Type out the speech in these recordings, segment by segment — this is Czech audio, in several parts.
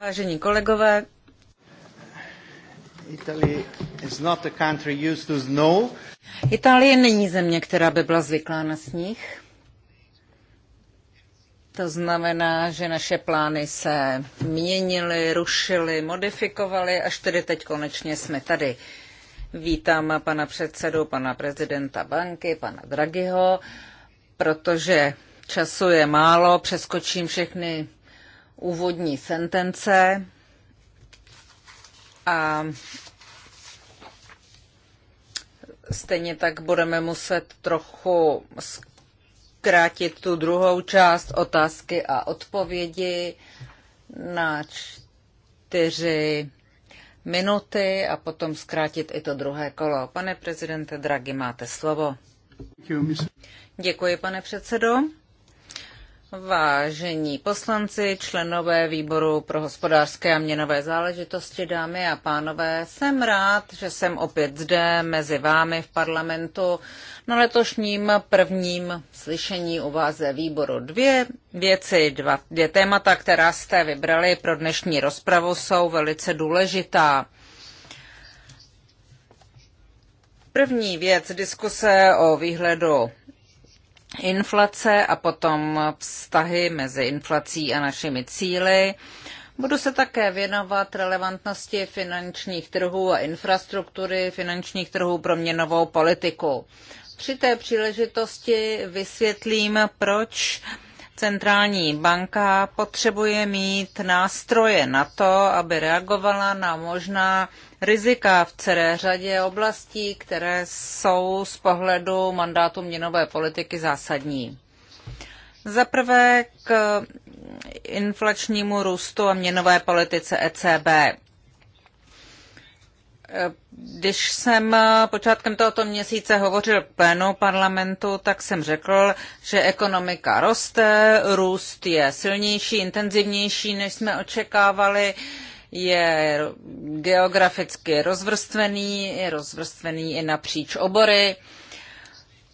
Vážení kolegové, Itálie není země, která by byla zvyklá na sníh. To znamená, že naše plány se měnily, rušily, modifikovaly, až tedy teď konečně jsme tady. Vítám pana předsedu, pana prezidenta banky, pana Draghiho, protože času je málo, přeskočím všechny úvodní sentence a stejně tak budeme muset trochu zkrátit tu druhou část otázky a odpovědi na čtyři minuty a potom zkrátit i to druhé kolo. Pane prezidente Draghi, máte slovo. Děkuji, pane předsedo. Vážení poslanci, členové výboru pro hospodářské a měnové záležitosti, dámy a pánové, jsem rád, že jsem opět zde mezi vámi v parlamentu na letošním prvním slyšení u vás ze výboru. Dvě věci, dva, dvě témata, která jste vybrali pro dnešní rozpravu, jsou velice důležitá. První věc, diskuse o výhledu inflace a potom vztahy mezi inflací a našimi cíly. Budu se také věnovat relevantnosti finančních trhů a infrastruktury finančních trhů pro měnovou politiku. Při té příležitosti vysvětlím, proč centrální banka potřebuje mít nástroje na to, aby reagovala na možná rizika v celé řadě oblastí, které jsou z pohledu mandátu měnové politiky zásadní. Za prvé k inflačnímu růstu a měnové politice ECB. Když jsem počátkem tohoto měsíce hovořil plénu parlamentu, tak jsem řekl, že ekonomika roste, růst je silnější, intenzivnější, než jsme očekávali je geograficky rozvrstvený, je rozvrstvený i napříč obory.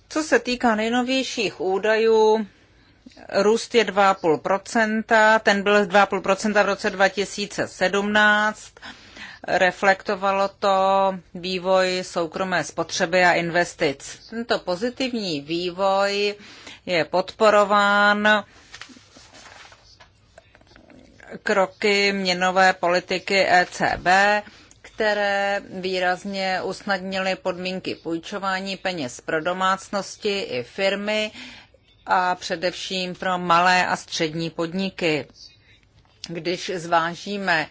Co se týká nejnovějších údajů, růst je 2,5%, ten byl 2,5% v roce 2017. Reflektovalo to vývoj soukromé spotřeby a investic. Tento pozitivní vývoj je podporován kroky měnové politiky ECB, které výrazně usnadnily podmínky půjčování peněz pro domácnosti i firmy a především pro malé a střední podniky. Když zvážíme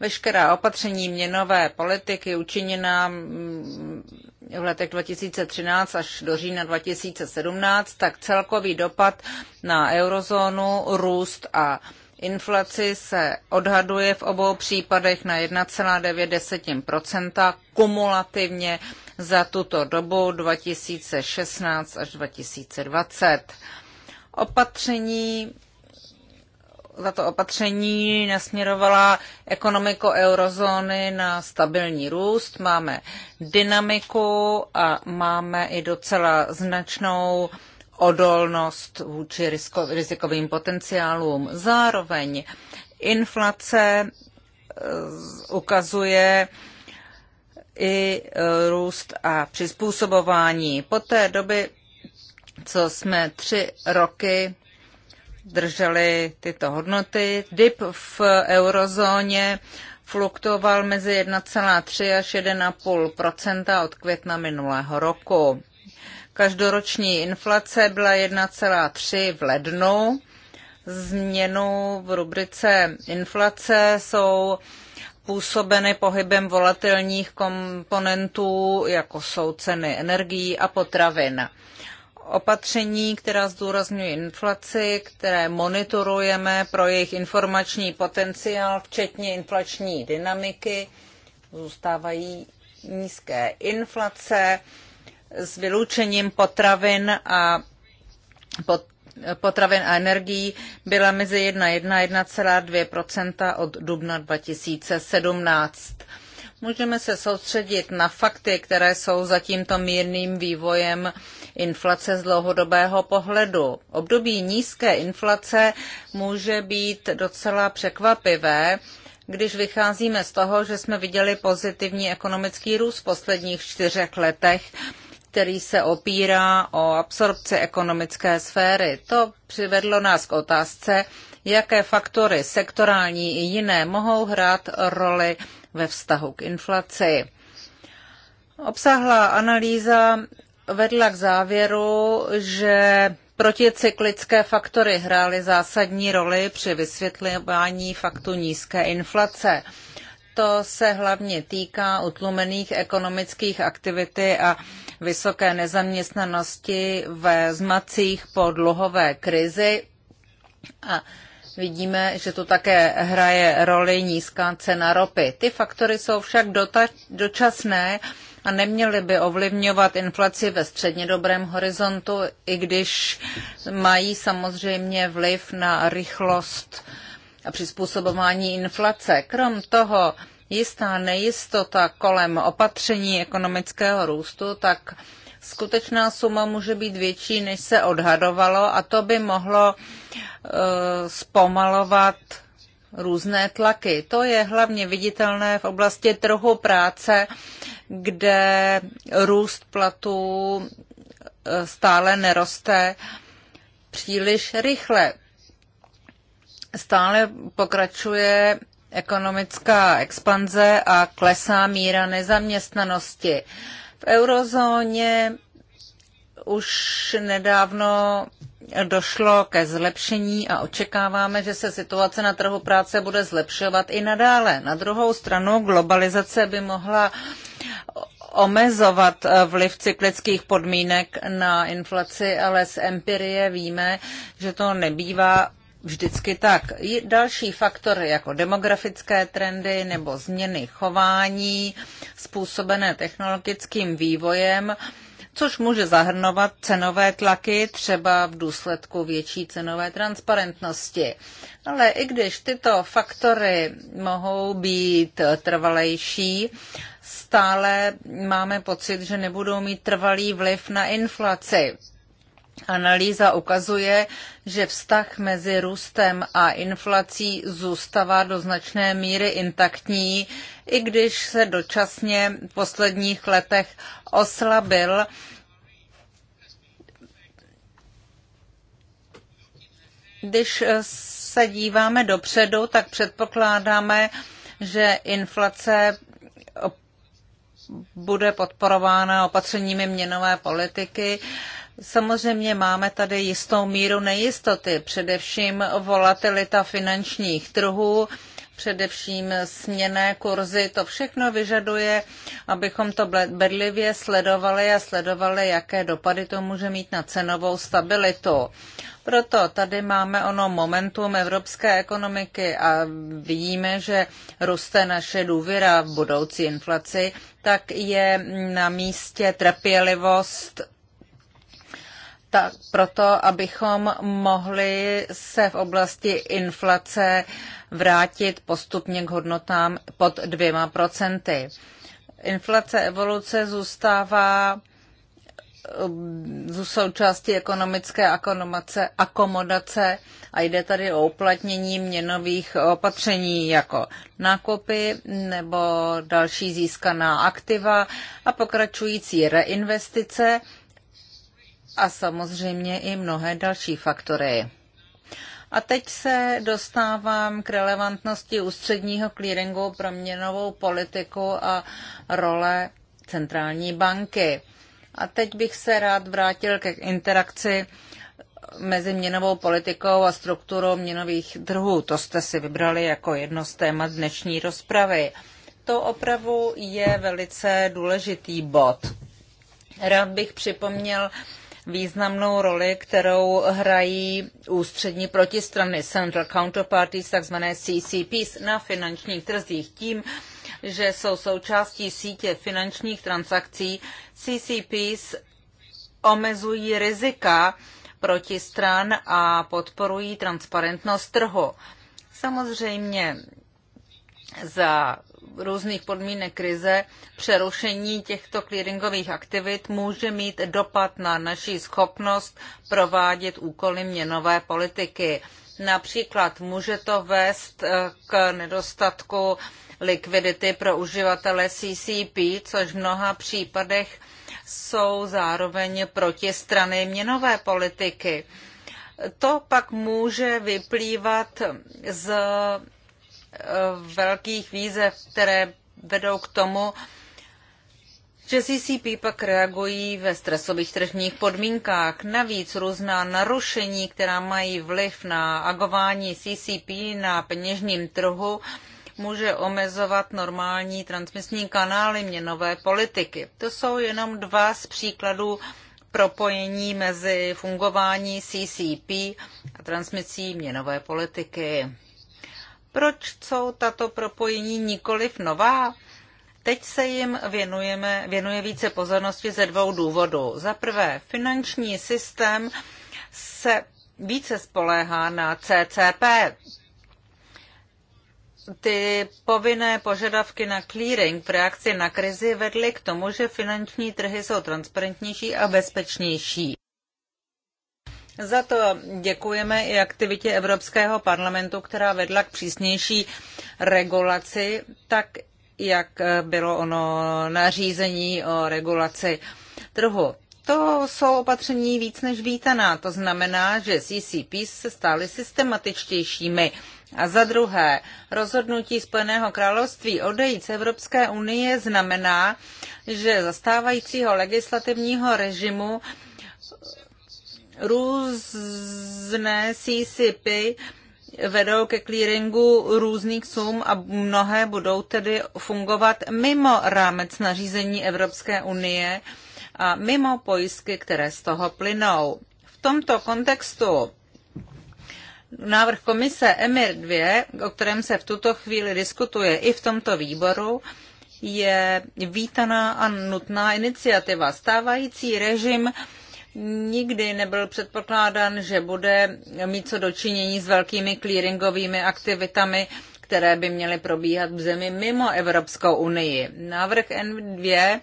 veškerá opatření měnové politiky učiněná mm, v letech 2013 až do října 2017, tak celkový dopad na eurozónu, růst a Inflaci se odhaduje v obou případech na 1,9 kumulativně za tuto dobu 2016 až 2020. Opatření za to opatření nasměrovala ekonomiko eurozóny na stabilní růst. Máme dynamiku a máme i docela značnou odolnost vůči risko, rizikovým potenciálům. Zároveň inflace eh, ukazuje i eh, růst a přizpůsobování. Po té doby, co jsme tři roky drželi tyto hodnoty, DIP v eurozóně fluktuoval mezi 1,3 až 1,5 od května minulého roku. Každoroční inflace byla 1,3 v lednu. Změnou v rubrice inflace jsou působeny pohybem volatilních komponentů, jako jsou ceny energií a potravin. Opatření, která zdůrazňují inflaci, které monitorujeme pro jejich informační potenciál, včetně inflační dynamiky, zůstávají nízké inflace s vyloučením potravin a pot, potravin a energií byla mezi 1,1 a 1,2 od dubna 2017. Můžeme se soustředit na fakty, které jsou za tímto mírným vývojem inflace z dlouhodobého pohledu. Období nízké inflace může být docela překvapivé, když vycházíme z toho, že jsme viděli pozitivní ekonomický růst v posledních čtyřech letech který se opírá o absorpci ekonomické sféry. To přivedlo nás k otázce, jaké faktory sektorální i jiné mohou hrát roli ve vztahu k inflaci. Obsáhlá analýza vedla k závěru, že proticyklické faktory hrály zásadní roli při vysvětlování faktu nízké inflace. To se hlavně týká utlumených ekonomických aktivity a vysoké nezaměstnanosti ve zmacích po dluhové krizi. A vidíme, že tu také hraje roli nízká cena ropy. Ty faktory jsou však dočasné a neměly by ovlivňovat inflaci ve střednědobrém horizontu, i když mají samozřejmě vliv na rychlost uh, a přizpůsobování inflace. Krom toho jistá nejistota kolem opatření ekonomického růstu, tak skutečná suma může být větší, než se odhadovalo a to by mohlo e, zpomalovat různé tlaky. To je hlavně viditelné v oblasti trhu práce, kde růst platů e, stále neroste příliš rychle stále pokračuje ekonomická expanze a klesá míra nezaměstnanosti. V eurozóně už nedávno došlo ke zlepšení a očekáváme, že se situace na trhu práce bude zlepšovat i nadále. Na druhou stranu globalizace by mohla omezovat eh, vliv cyklických podmínek na inflaci, ale z empirie víme, že to nebývá vždycky tak. Další faktory jako demografické trendy nebo změny chování způsobené technologickým vývojem, což může zahrnovat cenové tlaky, třeba v důsledku větší cenové transparentnosti. Ale i když tyto faktory mohou být trvalejší, stále máme pocit, že nebudou mít trvalý vliv na inflaci. Analýza ukazuje, že vztah mezi růstem a inflací zůstává do značné míry intaktní, i když se dočasně v posledních letech oslabil. Když se díváme dopředu, tak předpokládáme, že inflace bude podporována opatřeními měnové politiky. Samozřejmě máme tady jistou míru nejistoty, především volatilita finančních trhů, především směné kurzy. To všechno vyžaduje, abychom to bedlivě sledovali a sledovali, jaké dopady to může mít na cenovou stabilitu. Proto tady máme ono momentum evropské ekonomiky a vidíme, že roste naše důvěra v budoucí inflaci, tak je na místě trpělivost tak proto, abychom mohli se v oblasti inflace vrátit postupně k hodnotám pod dvěma procenty. Inflace evoluce zůstává um, součástí ekonomické akomodace, akomodace a jde tady o uplatnění měnových opatření jako nákupy nebo další získaná aktiva a pokračující reinvestice a samozřejmě i mnohé další faktory. A teď se dostávám k relevantnosti ústředního clearingu pro měnovou politiku a role centrální banky. A teď bych se rád vrátil k interakci mezi měnovou politikou a strukturou měnových trhů. To jste si vybrali jako jedno z témat dnešní rozpravy. To opravdu je velice důležitý bod. Rád bych připomněl významnou roli, kterou hrají ústřední protistrany Central Counterparties, takzvané CCPs, na finančních trzích tím, že jsou součástí sítě finančních transakcí. CCPs omezují rizika protistran a podporují transparentnost trhu. Samozřejmě za různých podmínek krize přerušení těchto clearingových aktivit může mít dopad na naši schopnost provádět úkoly měnové politiky. Například může to vést eh, k nedostatku likvidity pro uživatele CCP, což v mnoha případech jsou zároveň protistrany měnové politiky. To pak může vyplývat z velkých výzev, které vedou k tomu, že CCP pak reagují ve stresových tržních podmínkách. Navíc různá narušení, která mají vliv na agování CCP na peněžním trhu, může omezovat normální transmisní kanály měnové politiky. To jsou jenom dva z příkladů propojení mezi fungování CCP a transmisí měnové politiky. Proč jsou tato propojení nikoliv nová? Teď se jim věnujeme, věnuje více pozornosti ze dvou důvodů. Za prvé, finanční systém se více spoléhá na CCP. Ty povinné požadavky na clearing v reakci na krizi vedly k tomu, že finanční trhy jsou transparentnější a bezpečnější. Za to děkujeme i aktivitě Evropského parlamentu, která vedla k přísnější regulaci, tak jak bylo ono nařízení o regulaci trhu. To jsou opatření víc než vítaná. To znamená, že CCP se stály systematičtějšími. A za druhé, rozhodnutí Spojeného království odejít z Evropské unie znamená, že zastávajícího legislativního režimu Různé CCP vedou ke clearingu různých sum a mnohé budou tedy fungovat mimo rámec nařízení Evropské unie a mimo pojistky, které z toho plynou. V tomto kontextu návrh komise EMIR 2, o kterém se v tuto chvíli diskutuje i v tomto výboru, je vítaná a nutná iniciativa. Stávající režim nikdy nebyl předpokládán, že bude mít co dočinění s velkými clearingovými aktivitami, které by měly probíhat v zemi mimo Evropskou unii. Návrh N2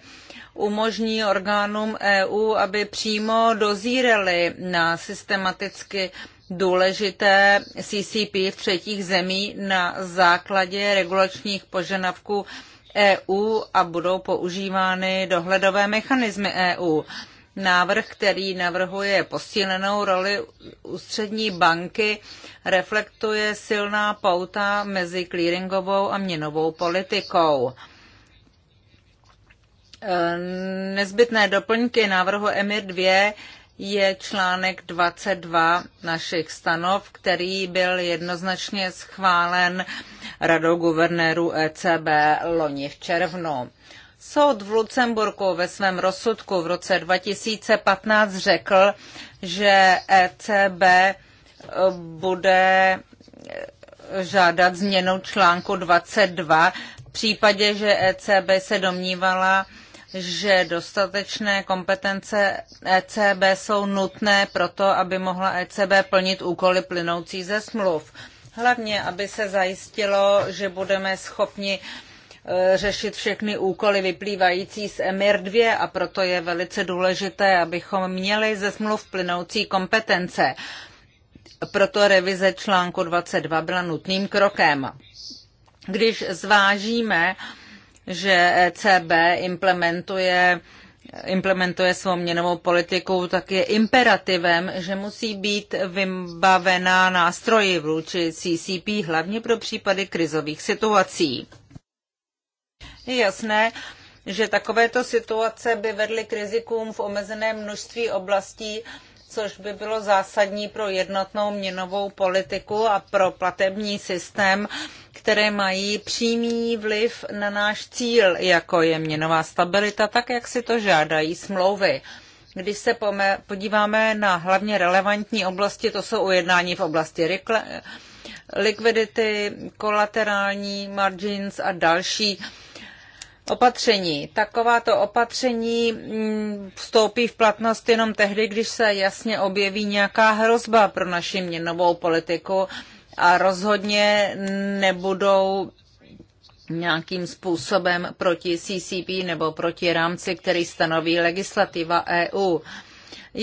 umožní orgánům EU, aby přímo dozírali na systematicky důležité CCP v třetích zemí na základě regulačních požadavků EU a budou používány dohledové mechanismy EU návrh, který navrhuje posílenou roli ústřední banky, reflektuje silná pouta mezi clearingovou a měnovou politikou. E, nezbytné doplňky návrhu EMIR 2 je článek 22 našich stanov, který byl jednoznačně schválen Radou guvernérů ECB loni v červnu. Soud v Lucemburku ve svém rozsudku v roce 2015 řekl, že ECB e, bude e, žádat změnu článku 22 v případě, že ECB se domnívala, že dostatečné kompetence ECB jsou nutné proto, aby mohla ECB plnit úkoly plynoucí ze smluv. Hlavně, aby se zajistilo, že budeme schopni Eh, řešit všechny úkoly vyplývající z EMIR 2 a proto je velice důležité, abychom měli ze smluv plynoucí kompetence. Proto revize článku 22 byla nutným krokem. Když zvážíme, že ECB implementuje implementuje svou měnovou politiku, tak je imperativem, že musí být vybavená nástroji vůči CCP, hlavně pro případy krizových situací. Je jasné, že takovéto situace by vedly k rizikům v omezeném množství oblastí, což by bylo zásadní pro jednotnou měnovou politiku a pro platební systém, které mají přímý vliv na náš cíl, jako je měnová stabilita, tak jak si to žádají smlouvy. Když se podíváme na hlavně relevantní oblasti, to jsou ujednání v oblasti likvidity, kolaterální margins a další opatření. Takováto opatření mm, vstoupí v platnost jenom tehdy, když se jasně objeví nějaká hrozba pro naši měnovou politiku a rozhodně nebudou nějakým způsobem proti CCP nebo proti rámci, který stanoví legislativa EU.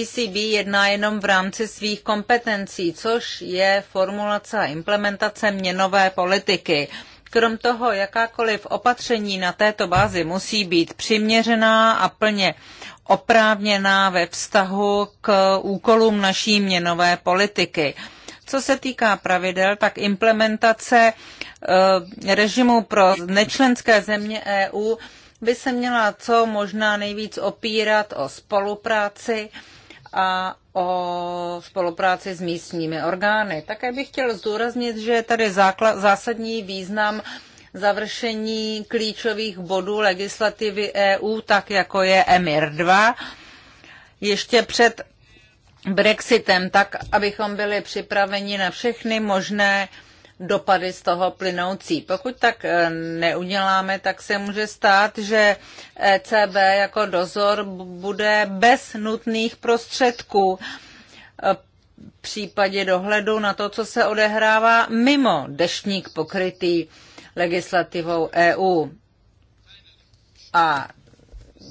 ECB jedná jenom v rámci svých kompetencí, což je formulace a implementace měnové politiky. Krom toho, jakákoliv opatření na této bázi musí být přiměřená a plně oprávněná ve vztahu k úkolům naší měnové politiky. Co se týká pravidel, tak implementace eh, režimu pro nečlenské země EU by se měla co možná nejvíc opírat o spolupráci a o spolupráci s místními orgány. Také bych chtěl zdůraznit, že je tady základ, zásadní význam završení klíčových bodů legislativy EU, tak jako je EMIR 2, ještě před Brexitem, tak abychom byli připraveni na všechny možné uh, dopady z toho plynoucí. Pokud tak eh, neuděláme, tak se může stát, že ECB jako dozor bude bez nutných prostředků eh, v případě dohledu na to, co se odehrává mimo deštník pokrytý legislativou EU. A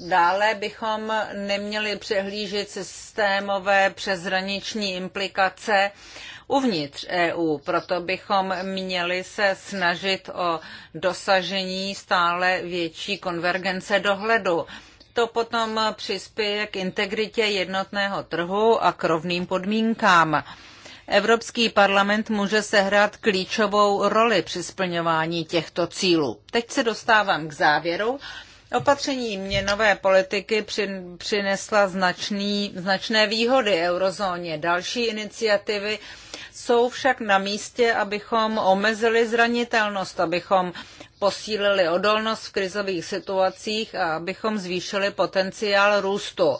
Dále bychom neměli přehlížet systémové přeshraniční implikace uvnitř EU. Proto bychom měli se snažit o dosažení stále větší konvergence dohledu. To potom přispěje k integritě jednotného trhu a k rovným podmínkám. Evropský parlament může sehrát klíčovou roli při splňování těchto cílů. Teď se dostávám k závěru. Opatření měnové politiky přinesla značný, značné výhody eurozóně. Další iniciativy jsou však na místě, abychom omezili zranitelnost, abychom posílili odolnost v krizových situacích a abychom zvýšili potenciál růstu.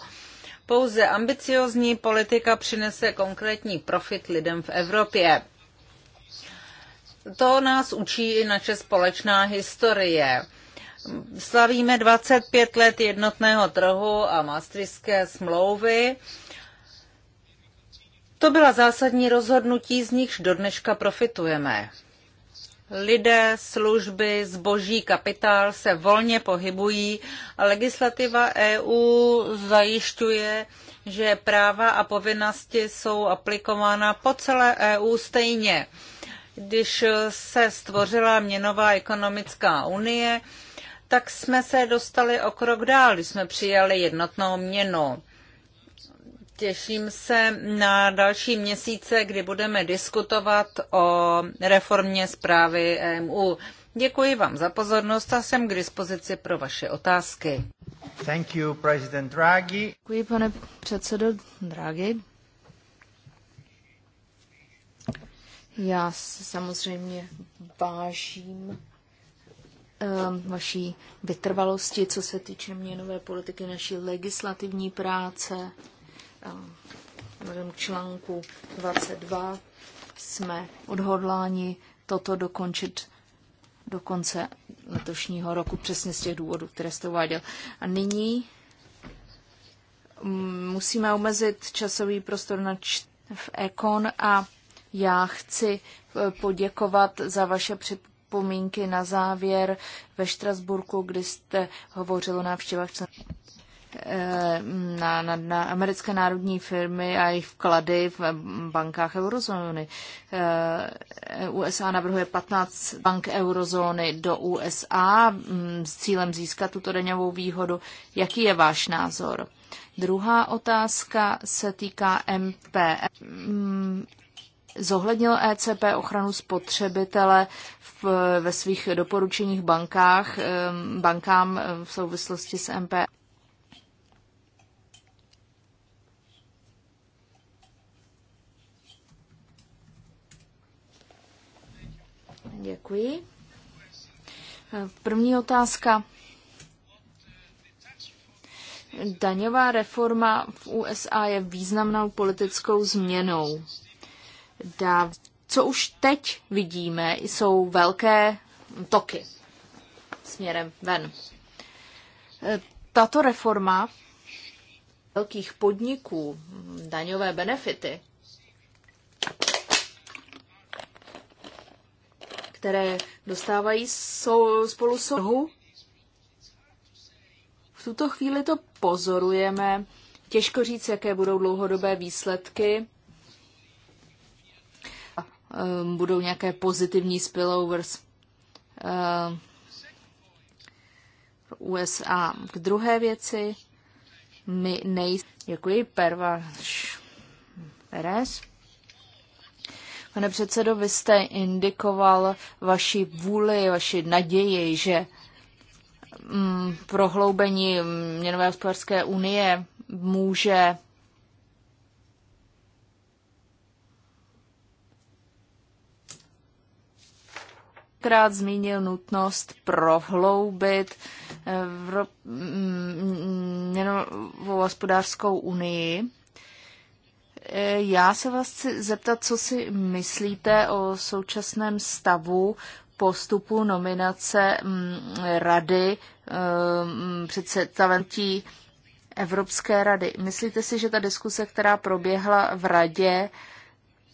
Pouze ambiciozní politika přinese konkrétní profit lidem v Evropě. To nás učí i naše společná historie. Slavíme 25 let jednotného trhu a maastrichtské smlouvy to byla zásadní rozhodnutí, z nichž dneška profitujeme. Lidé, služby, zboží, kapitál se volně pohybují a legislativa EU zajišťuje, že práva a povinnosti jsou aplikována po celé EU stejně. Když se stvořila měnová ekonomická unie, tak jsme se dostali o krok dál, když jsme přijali jednotnou měnu. Těším se na další měsíce, kdy budeme diskutovat o reformě zprávy EMU. Děkuji vám za pozornost a jsem k dispozici pro vaše otázky. Thank you, President Draghi. Děkuji, pane předsedo Draghi. Já se samozřejmě vážím ehm, vaší vytrvalosti, co se týče měnové politiky, naší legislativní práce. V k článku 22 jsme odhodláni toto dokončit do konce letošního roku, přesně z těch důvodů, které jste uváděl. A nyní mm, musíme omezit časový prostor na č- v Ekon a já chci e, poděkovat za vaše připomínky na závěr ve Štrasburku, kdy jste hovořil o návštěvách na, na, na americké národní firmy a jejich vklady v bankách eurozóny. Eh, USA navrhuje 15 bank eurozóny do USA mm, s cílem získat tuto daňovou výhodu. Jaký je váš názor? Druhá otázka se týká MP. Mm, zohlednil ECB ochranu spotřebitele v, ve svých doporučeních bankách, eh, bankám v souvislosti s MP? Děkuji. První otázka. Daňová reforma v USA je významnou politickou změnou. co už teď vidíme, jsou velké toky směrem ven. Tato reforma velkých podniků, daňové benefity, které dostávají sou, spolu sohu. V tuto chvíli to pozorujeme. Těžko říct, jaké budou dlouhodobé výsledky. Ehm, budou nějaké pozitivní spillovers ehm, USA. K druhé věci, my nejsme. Děkuji, Pervaš Perez. Pane předsedo, vy jste indikoval vaši vůli, vaši naději, že mm, prohloubení měnové hospodářské unie může krát zmínil nutnost prohloubit eh, mm, měnovou hospodářskou unii já se vás chci zeptat, co si myslíte o současném stavu postupu nominace mm, rady mm, představentí Evropské rady. Myslíte si, že ta diskuse, která proběhla v radě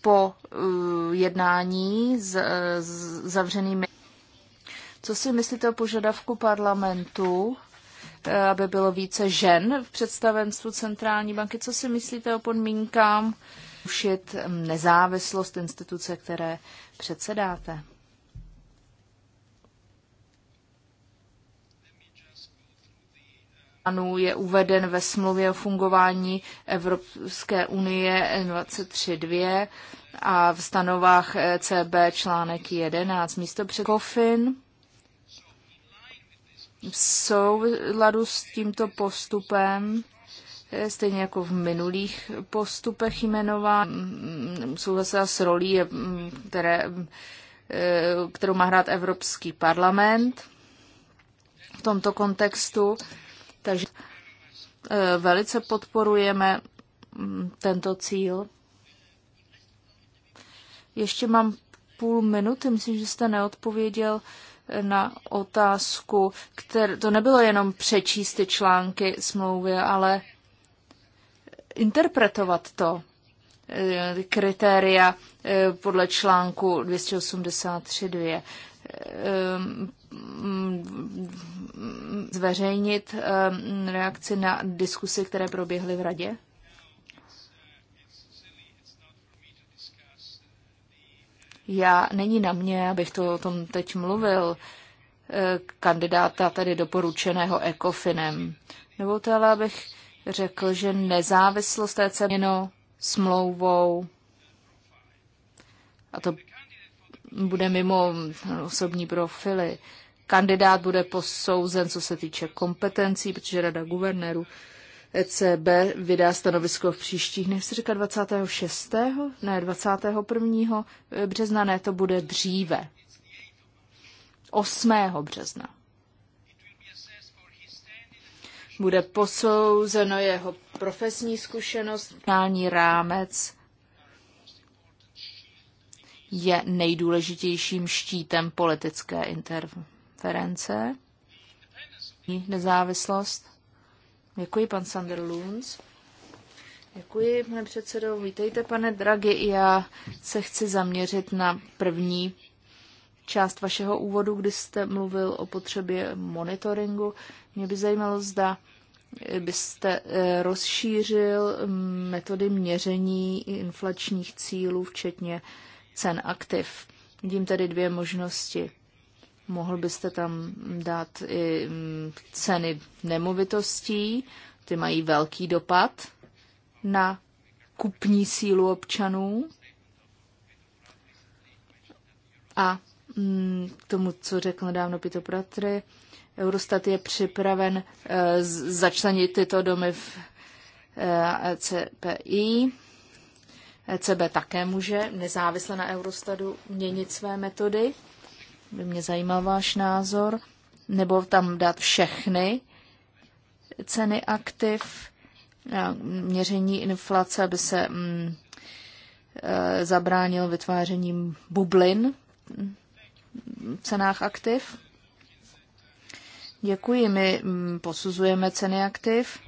po uh, jednání s, eh, s zavřenými. Co si myslíte o požadavku parlamentu Eh, aby bylo více žen v představenstvu centrální banky. Co si myslíte o podmínkám ušit nezávislost instituce, které předsedáte? je uveden ve smlouvě o fungování Evropské unie 23.2 a v stanovách eh, CB článek 11 místo před COFIN v souladu s tímto postupem, eh, stejně jako v minulých postupech jmenová, mm, souhlasila s rolí, eh, které, eh, kterou má hrát Evropský parlament v tomto kontextu. Takže velice podporujeme mm, tento cíl. Ještě mám půl minuty, myslím, že jste neodpověděl na otázku, které, to nebylo jenom přečíst ty články smlouvy, ale interpretovat to, eh, kritéria eh, podle článku 283.2 eh, mm, zveřejnit reakci na diskusy, které proběhly v radě? Já, není na mě, abych to o tom teď mluvil, eh, kandidáta tedy doporučeného ECOFINem. to ale, abych řekl, že nezávislost té ceměno smlouvou a to bude mimo osobní profily. Kandidát bude posouzen, co se týče kompetencí, protože rada guvernérů ECB vydá stanovisko v příštích, nechci říkat 26. ne 21. března, ne, to bude dříve. 8. března. Bude posouzeno jeho profesní zkušenost, finální rámec je nejdůležitějším štítem politické interference. Nezávislost Děkuji, pan Sander Luns. Děkuji, pane předsedo. Vítejte, pane Dragi. Já se chci zaměřit na první část vašeho úvodu, kdy jste mluvil o potřebě monitoringu. Mě by zajímalo, zda byste eh, rozšířil mm, metody měření inflačních cílů, včetně cen aktiv. Vidím tedy dvě možnosti. Mohl byste tam dát i mm, ceny nemovitostí, ty mají velký dopad na kupní sílu občanů. A mm, k tomu, co řekl nedávno Pito Pratry, Eurostat je připraven eh, začlenit tyto domy v ECPI. Eh, e ECB také může nezávisle na Eurostatu měnit své metody by mě zajímal váš názor, nebo tam dát všechny ceny aktiv, měření inflace, aby se mm, e, zabránil vytvářením bublin v cenách aktiv. Děkuji, my mm, posuzujeme ceny aktiv.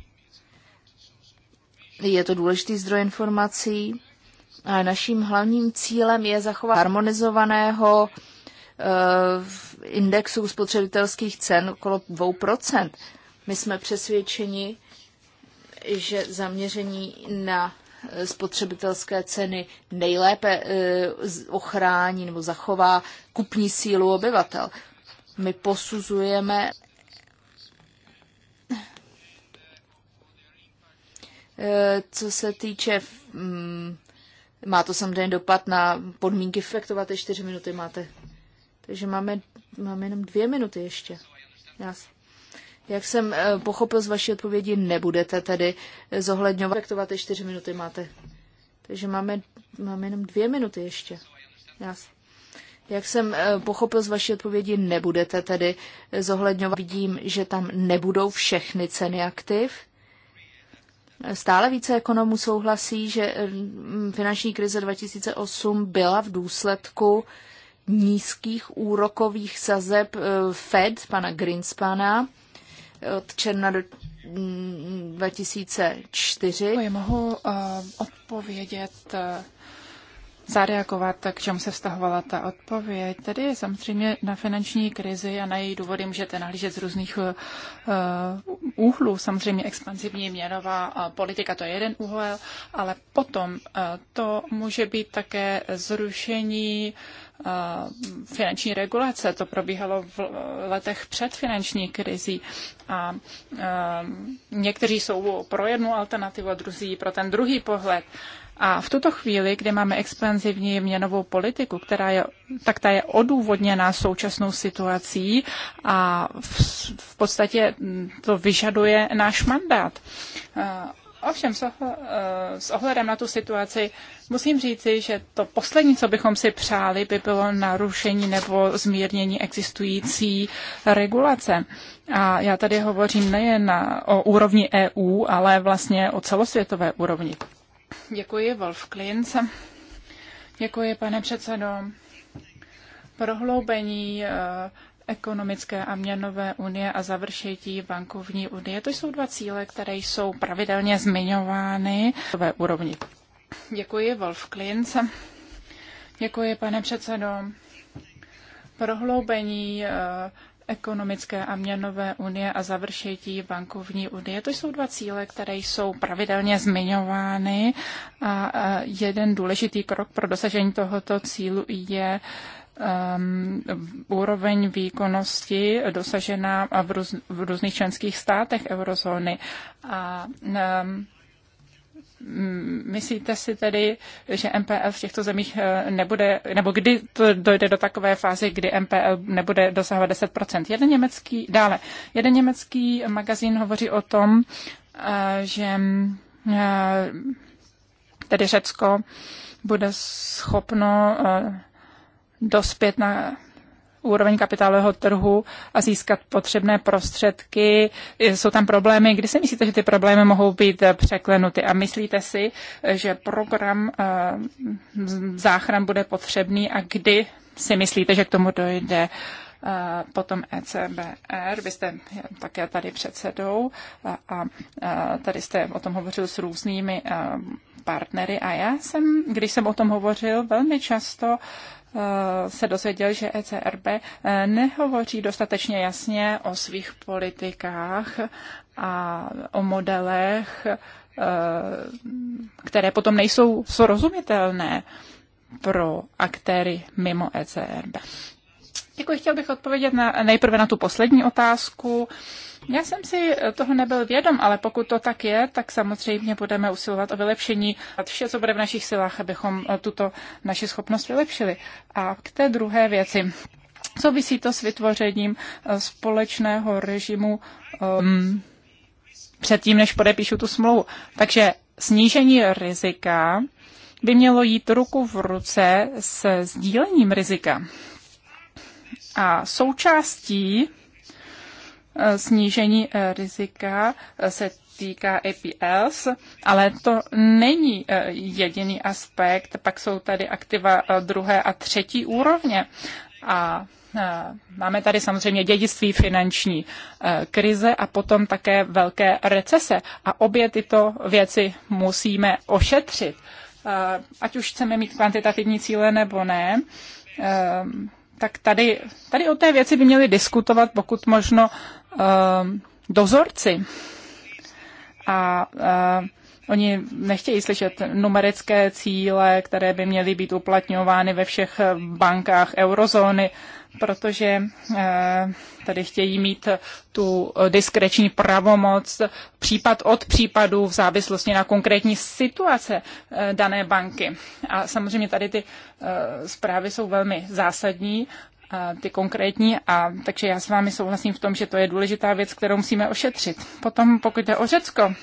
Je to důležitý zdroj informací. A naším hlavním cílem je zachovat harmonizovaného v eh, indexu spotřebitelských cen okolo 2%. My jsme přesvědčeni, že zaměření na eh, spotřebitelské ceny nejlépe eh, ochrání nebo zachová kupní sílu obyvatel. My posuzujeme co se týče, mm, má to samozřejmě dopad na podmínky efektovat, ty čtyři minuty máte takže máme, máme jenom dvě minuty ještě. Já, jak jsem eh, pochopil z vaší odpovědi, nebudete tedy eh, zohledňovat, respektovat ty čtyři minuty máte. Takže máme, máme jenom dvě minuty ještě. Já, jak jsem eh, pochopil z vaší odpovědi, nebudete tedy zohledňovat. Vidím, že tam nebudou všechny ceny aktiv. Stále více ekonomů souhlasí, že finanční krize 2008 byla v důsledku nízkých úrokových sazeb eh, Fed, pana Greenspana, od června do 2004. Mm, Já mohu uh, odpovědět, uh, zareagovat, k čemu se vztahovala ta odpověď. Tady je samozřejmě na finanční krizi a na její důvody můžete nahlížet z různých uh, úhlů. Samozřejmě expansivní měnová uh, politika, to je jeden úhel, ale potom uh, to může být také zrušení uh, Eh, finanční regulace. To probíhalo v letech před finanční krizí a eh, někteří jsou pro jednu alternativu a druzí pro ten druhý pohled. A v tuto chvíli, kdy máme expanzivní měnovou politiku, která je, tak ta je odůvodněná současnou situací a v, v podstatě to vyžaduje náš mandát. Eh, Ovšem eh, s ohledem na tu situaci musím říci, že to poslední, co bychom si přáli, by bylo narušení nebo zmírnění existující regulace. A já tady hovořím nejen o úrovni EU, ale vlastně o celosvětové úrovni. Děkuji, Wolf Klinz. Děkuji, pane předsedo. Prohloubení uh, ekonomické a měnové unie a završení bankovní unie. To jsou dva cíle, které jsou pravidelně zmiňovány ve úrovni. Děkuji, Wolf Klinc. Děkuji, pane předsedo. Prohloubení eh, ekonomické a měnové unie a završení bankovní unie. To jsou dva cíle, které jsou pravidelně zmiňovány a eh, jeden důležitý krok pro dosažení tohoto cílu je um, úroveň výkonnosti dosažená v, růz, v různých členských státech eurozóny. A um, Myslíte si tedy, že MPL v těchto zemích eh, nebude, nebo kdy to dojde do takové fáze, kdy MPL nebude dosahovat 10%? Jeden německý, dále, jeden německý magazín hovoří o tom, eh, že eh, tedy Řecko bude schopno dospět na úroveň kapitálového trhu a získat potřebné prostředky. Jsou tam problémy. Kdy si myslíte, že ty problémy mohou být překlenuty? A myslíte si, že program eh, záchran bude potřebný a kdy si myslíte, že k tomu dojde? Eh, potom ECBR, vy jste také tady předsedou a, eh, tady jste o tom hovořil s různými partnery a já jsem, když jsem o tom hovořil, velmi často eh, se dozvěděl, že ECRB eh, nehovoří dostatečně jasně o svých politikách a o modelech, eh, které potom nejsou srozumitelné pro aktéry mimo ECRB. Děkuji, chtěl bych odpovědět na, nejprve na tu poslední otázku. Já jsem si toho nebyl vědom, ale pokud to tak je, tak samozřejmě budeme usilovat o vylepšení a vše, co bude v našich silách, abychom eh, tuto naši schopnost vylepšili. A k té druhé věci. Souvisí to s vytvořením eh, společného režimu um, předtím, než podepíšu tu smlouvu. Takže snížení rizika by mělo jít ruku v ruce s sdílením rizika. A součástí eh, snížení eh, rizika eh, se týká APLs, ale to není jediný aspekt. Pak jsou tady aktiva druhé a třetí úrovně. A máme tady samozřejmě dědictví finanční krize a potom také velké recese. A obě tyto věci musíme ošetřit. Ať už chceme mít kvantitativní cíle nebo ne, tak tady, tady o té věci by měli diskutovat pokud možno eh, dozorci. A eh, Oni nechtějí slyšet numerické cíle, které by měly být uplatňovány ve všech bankách eurozóny protože eh, tady chtějí mít tu diskreční pravomoc případ od případu v závislosti na konkrétní situace eh, dané banky. A samozřejmě tady ty eh, zprávy jsou velmi zásadní, ty konkrétní, a takže já s vámi souhlasím v tom, že to je důležitá věc, kterou musíme ošetřit. Potom, pokud jde o Řecko,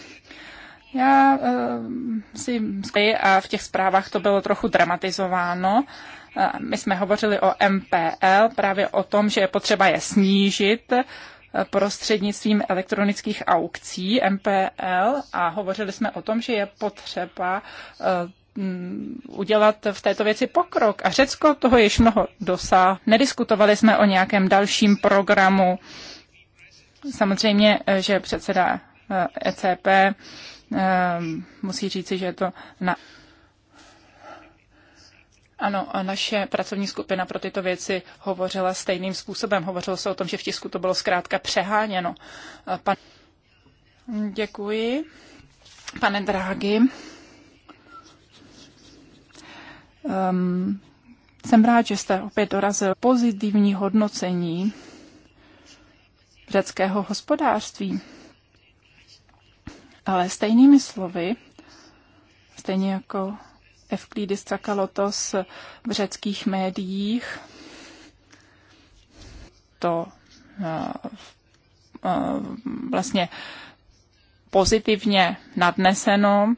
já uh, si a v těch zprávách to bylo trochu dramatizováno, Eh, my jsme hovořili o MPL, právě o tom, že je potřeba je snížit eh, prostřednictvím elektronických aukcí MPL a hovořili jsme o tom, že je potřeba eh, udělat v této věci pokrok. A Řecko toho již mnoho dosáhlo. Nediskutovali jsme o nějakém dalším programu. Samozřejmě, že předseda ECP e musí říci, že je to na ano, naše pracovní skupina pro tyto věci hovořila stejným způsobem. Hovořilo se o tom, že v tisku to bylo zkrátka přeháněno. Pan... Děkuji. Pane Drági, um, jsem rád, že jste opět dorazil pozitivní hodnocení řeckého hospodářství. Ale stejnými slovy, stejně jako Evklidis Cakalotos v řeckých médiích. To eh, eh, vlastně pozitivně nadneseno,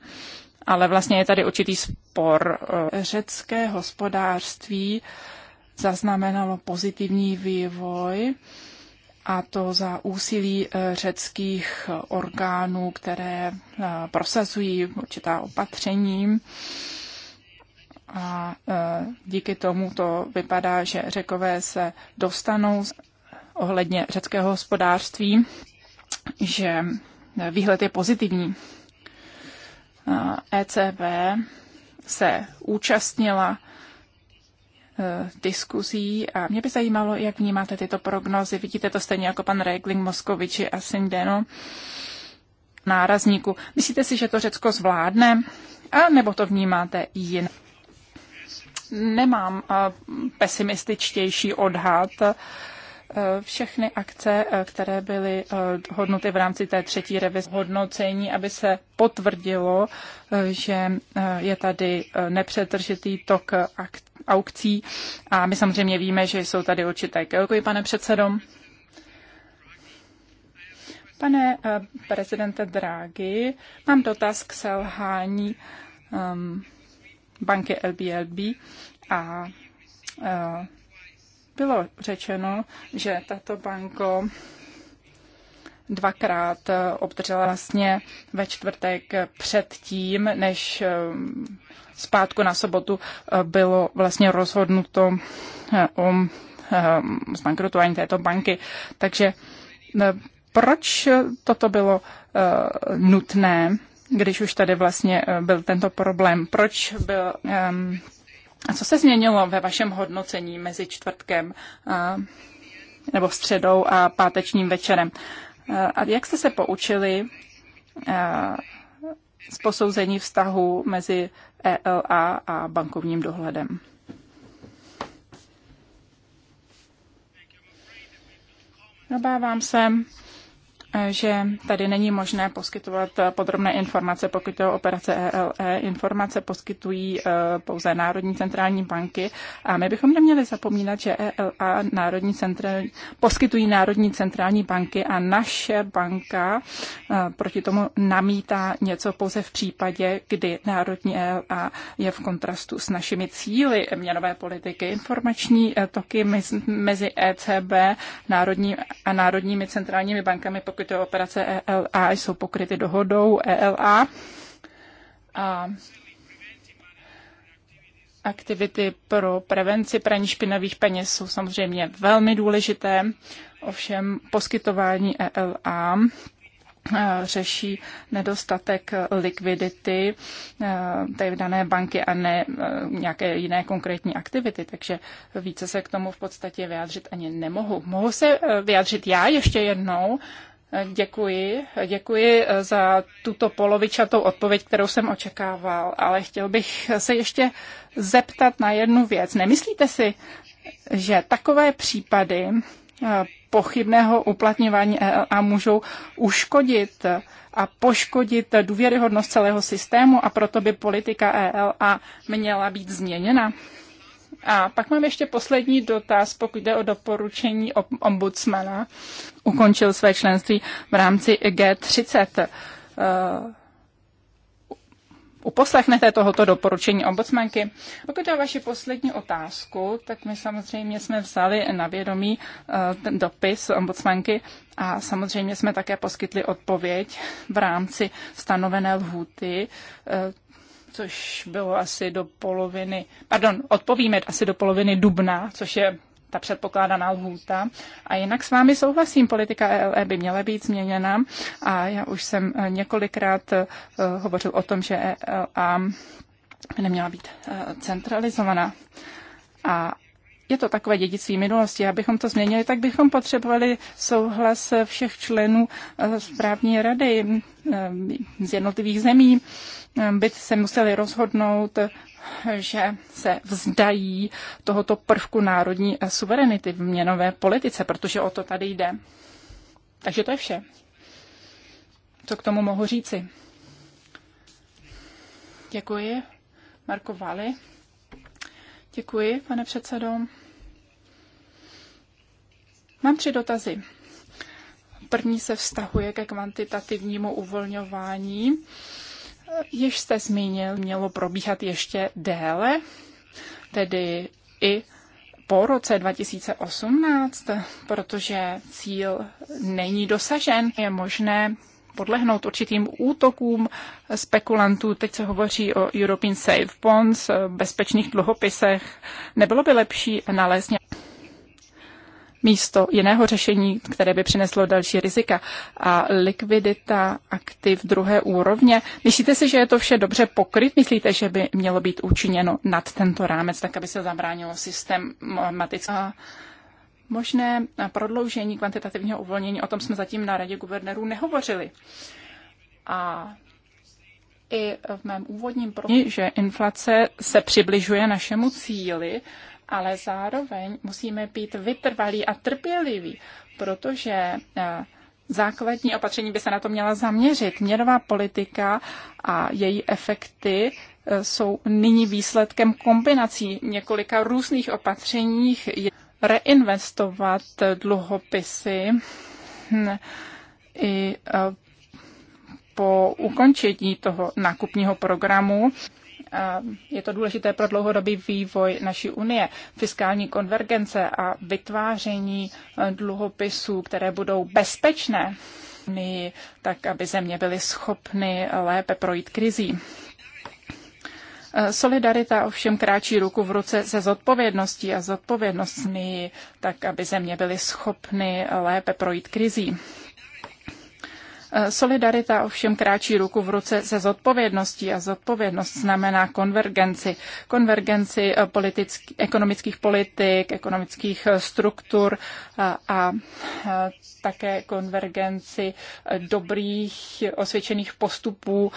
ale vlastně je tady určitý spor. Eh, řecké hospodářství zaznamenalo pozitivní vývoj a to za úsilí řeckých orgánů, které prosazují určitá opatření a e, díky tomu to vypadá, že řekové se dostanou ohledně řeckého hospodářství, že výhled je pozitivní. ECB se účastnila e, diskuzí a mě by zajímalo, jak vnímáte tyto prognozy. Vidíte to stejně jako pan Regling, Moskoviči a Sindeno nárazníku. Myslíte si, že to Řecko zvládne? A nebo to vnímáte jinak? nemám eh, pesimističtější odhad. Eh, všechny akce, eh, které byly hodnoty v rámci té třetí revize hodnocení, aby se potvrdilo, že je tady nepřetržitý tok aukcí a my samozřejmě víme, že jsou tady určité kelky, pane předsedo. Pane prezidente Drági, mám dotaz k selhání um, banky LBLB a e, bylo řečeno, že tato banko dvakrát e, obdržela vlastně ve čtvrtek předtím, než e, zpátku na sobotu bylo vlastně rozhodnuto o zbankrotování této banky. Takže proč toto bylo nutné když už tady vlastně eh, byl tento problém. Proč byl... Um, a co se změnilo ve vašem hodnocení mezi čtvrtkem a, nebo středou a pátečním večerem? Eh, a jak jste se poučili eh, z posouzení vztahu mezi ELA a bankovním dohledem? Obávám se, Eh, že tady není možné poskytovat podrobné informace, pokud to operace ELE. E. Informace poskytují eh, pouze Národní centrální banky a my bychom neměli zapomínat, že ELA Národní centrální, poskytují Národní centrální banky a naše banka eh, proti tomu namítá něco pouze v případě, kdy Národní ELA je v kontrastu s našimi cíly měnové politiky. Informační toky mezi ECB národní a národními centrálními bankami pokud je operace ELA, jsou pokryty dohodou ELA. A aktivity pro prevenci praní špinavých peněz jsou samozřejmě velmi důležité, ovšem poskytování ELA eh, řeší nedostatek likvidity eh, té dané banky a ne eh, nějaké jiné konkrétní aktivity, takže více se k tomu v podstatě vyjádřit ani nemohu. Mohu se vyjádřit já ještě jednou Děkuji. Děkuji za tuto polovičatou odpověď, kterou jsem očekával, ale chtěl bych se ještě zeptat na jednu věc. Nemyslíte si, že takové případy eh, pochybného uplatňování e a můžou uškodit a poškodit důvěryhodnost celého systému a proto by politika ELA měla být změněna? A pak mám ještě poslední dotaz, pokud jde o doporučení ombudsmana. Ukončil své členství v rámci G30. Eh, uh, uposlechnete tohoto doporučení ombudsmanky. Pokud jde o vaši poslední otázku, tak my samozřejmě jsme vzali na vědomí eh, ten dopis ombudsmanky a samozřejmě jsme také poskytli odpověď v rámci stanovené lhůty. Eh, což bylo asi do poloviny, pardon, odpovíme asi do poloviny dubna, což je ta předpokládaná lhůta. A jinak s vámi souhlasím, politika ELE e by měla být změněna a já už jsem eh, několikrát eh, hovořil o tom, že ELA by neměla být eh, centralizovaná. A je to takové dědictví minulosti. Abychom to změnili, tak bychom potřebovali souhlas všech členů eh, správní rady eh, z jednotlivých zemí. Eh, By se museli rozhodnout, že se vzdají tohoto prvku národní suverenity v měnové politice, protože o to tady jde. Takže to je vše. Co k tomu mohu říci? Děkuji. Marko Vali. Děkuji, pane předsedo. Mám tři dotazy. První se vztahuje ke kvantitativnímu uvolňování. Již jste zmínil, mělo probíhat ještě déle, tedy i po roce 2018, protože cíl není dosažen. Je možné podlehnout určitým útokům spekulantů. Teď se hovoří o European Safe Bonds, bezpečných dluhopisech. Nebylo by lepší nalézt místo jiného řešení, které by přineslo další rizika. A likvidita aktiv druhé úrovně. Myslíte si, že je to vše dobře pokryt? Myslíte, že by mělo být učiněno nad tento rámec, tak aby se zabránilo systematické možné prodloužení kvantitativního uvolnění? O tom jsme zatím na radě guvernérů nehovořili. A i v mém úvodním prohlášení, že inflace se přibližuje našemu cíli ale zároveň musíme být vytrvalí a trpěliví, protože eh, základní opatření by se na to měla zaměřit. Měrová politika a její efekty eh, jsou nyní výsledkem kombinací několika různých opatřeních. Reinvestovat dluhopisy hm, i eh, po ukončení toho nákupního programu je to důležité pro dlouhodobý vývoj naší unie. Fiskální konvergence a vytváření e, dluhopisů, které budou bezpečné unii, tak aby země byly schopny lépe projít krizí. E, solidarita ovšem kráčí ruku v ruce se zodpovědností a zodpovědnostmi, tak aby země byly schopny lépe projít krizí. Solidarita ovšem kráčí ruku v ruce se zodpovědností a zodpovědnost znamená konvergenci. Konvergenci eh, politický, ekonomických politik, ekonomických eh, struktur eh, a, a také konvergenci dobrých osvědčených postupů,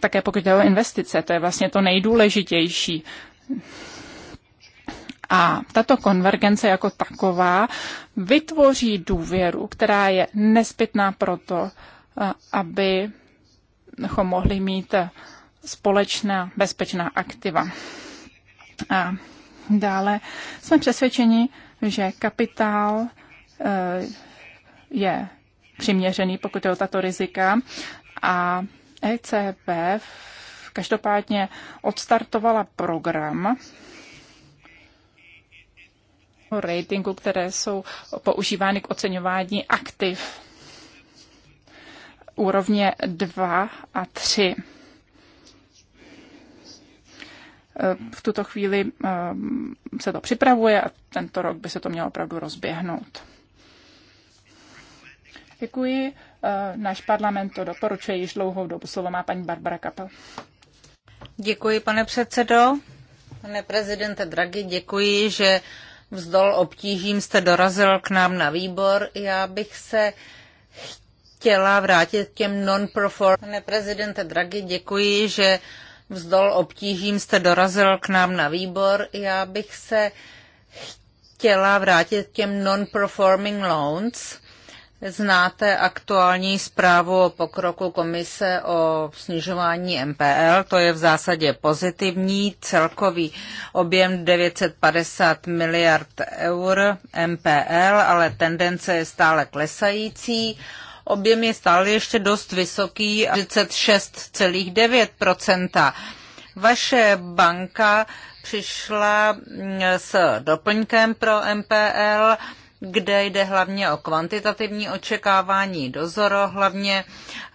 také pokud jde o investice. To je vlastně to nejdůležitější. A tato konvergence jako taková vytvoří důvěru, která je nezbytná proto, abychom mohli mít společná bezpečná aktiva. A dále jsme přesvědčeni, že kapitál eh, je přiměřený, pokud je o tato rizika. A ECB každopádně odstartovala program ratingu, které jsou používány k oceňování aktiv úrovně 2 a 3. V tuto chvíli ehm, se to připravuje a tento rok by se to mělo opravdu rozběhnout. Děkuji. Ehm, náš parlament to doporučuje již dlouhou dobu. Slovo má paní Barbara Kapel. Děkuji, pane předsedo. Pane prezidente Draghi, děkuji, že vzdol obtížím jste dorazil k nám na výbor. Já bych se chtěla vrátit k těm non-profor. Pane prezidente Draghi, děkuji, že vzdol obtížím jste dorazil k nám na výbor. Já bych se chtěla vrátit k těm non-performing loans. Znáte aktuální zprávu o pokroku komise o snižování MPL, to je v zásadě pozitivní, celkový objem 950 miliard eur MPL, ale tendence je stále klesající objem je stále ještě dost vysoký, 36,9%. Vaše banka přišla mm, s doplňkem pro MPL, kde jde hlavně o kvantitativní očekávání dozoru, hlavně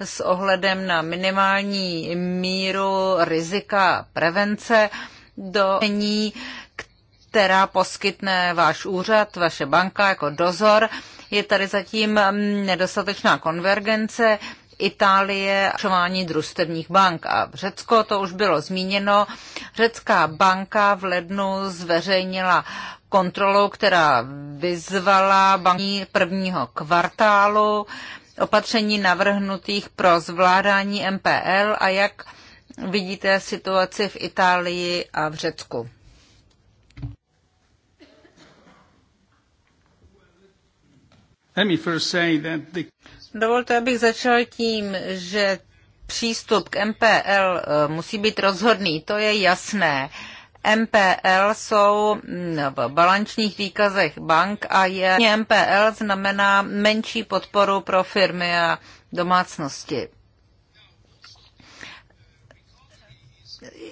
s ohledem na minimální míru rizika prevence do která poskytne váš úřad, vaše banka jako dozor je tady zatím mm, nedostatečná konvergence. Itálie, šování družstevních bank a Řecko, to už bylo zmíněno. Řecká banka v lednu zveřejnila kontrolu, která vyzvala banky prvního kvartálu opatření navrhnutých pro zvládání MPL a jak vidíte situaci v Itálii a v Řecku. Dovolte, abych začal tím, že přístup k MPL eh, musí být rozhodný, to je jasné. MPL jsou mm, v balančních výkazech bank a je MPL znamená menší podporu pro firmy a domácnosti.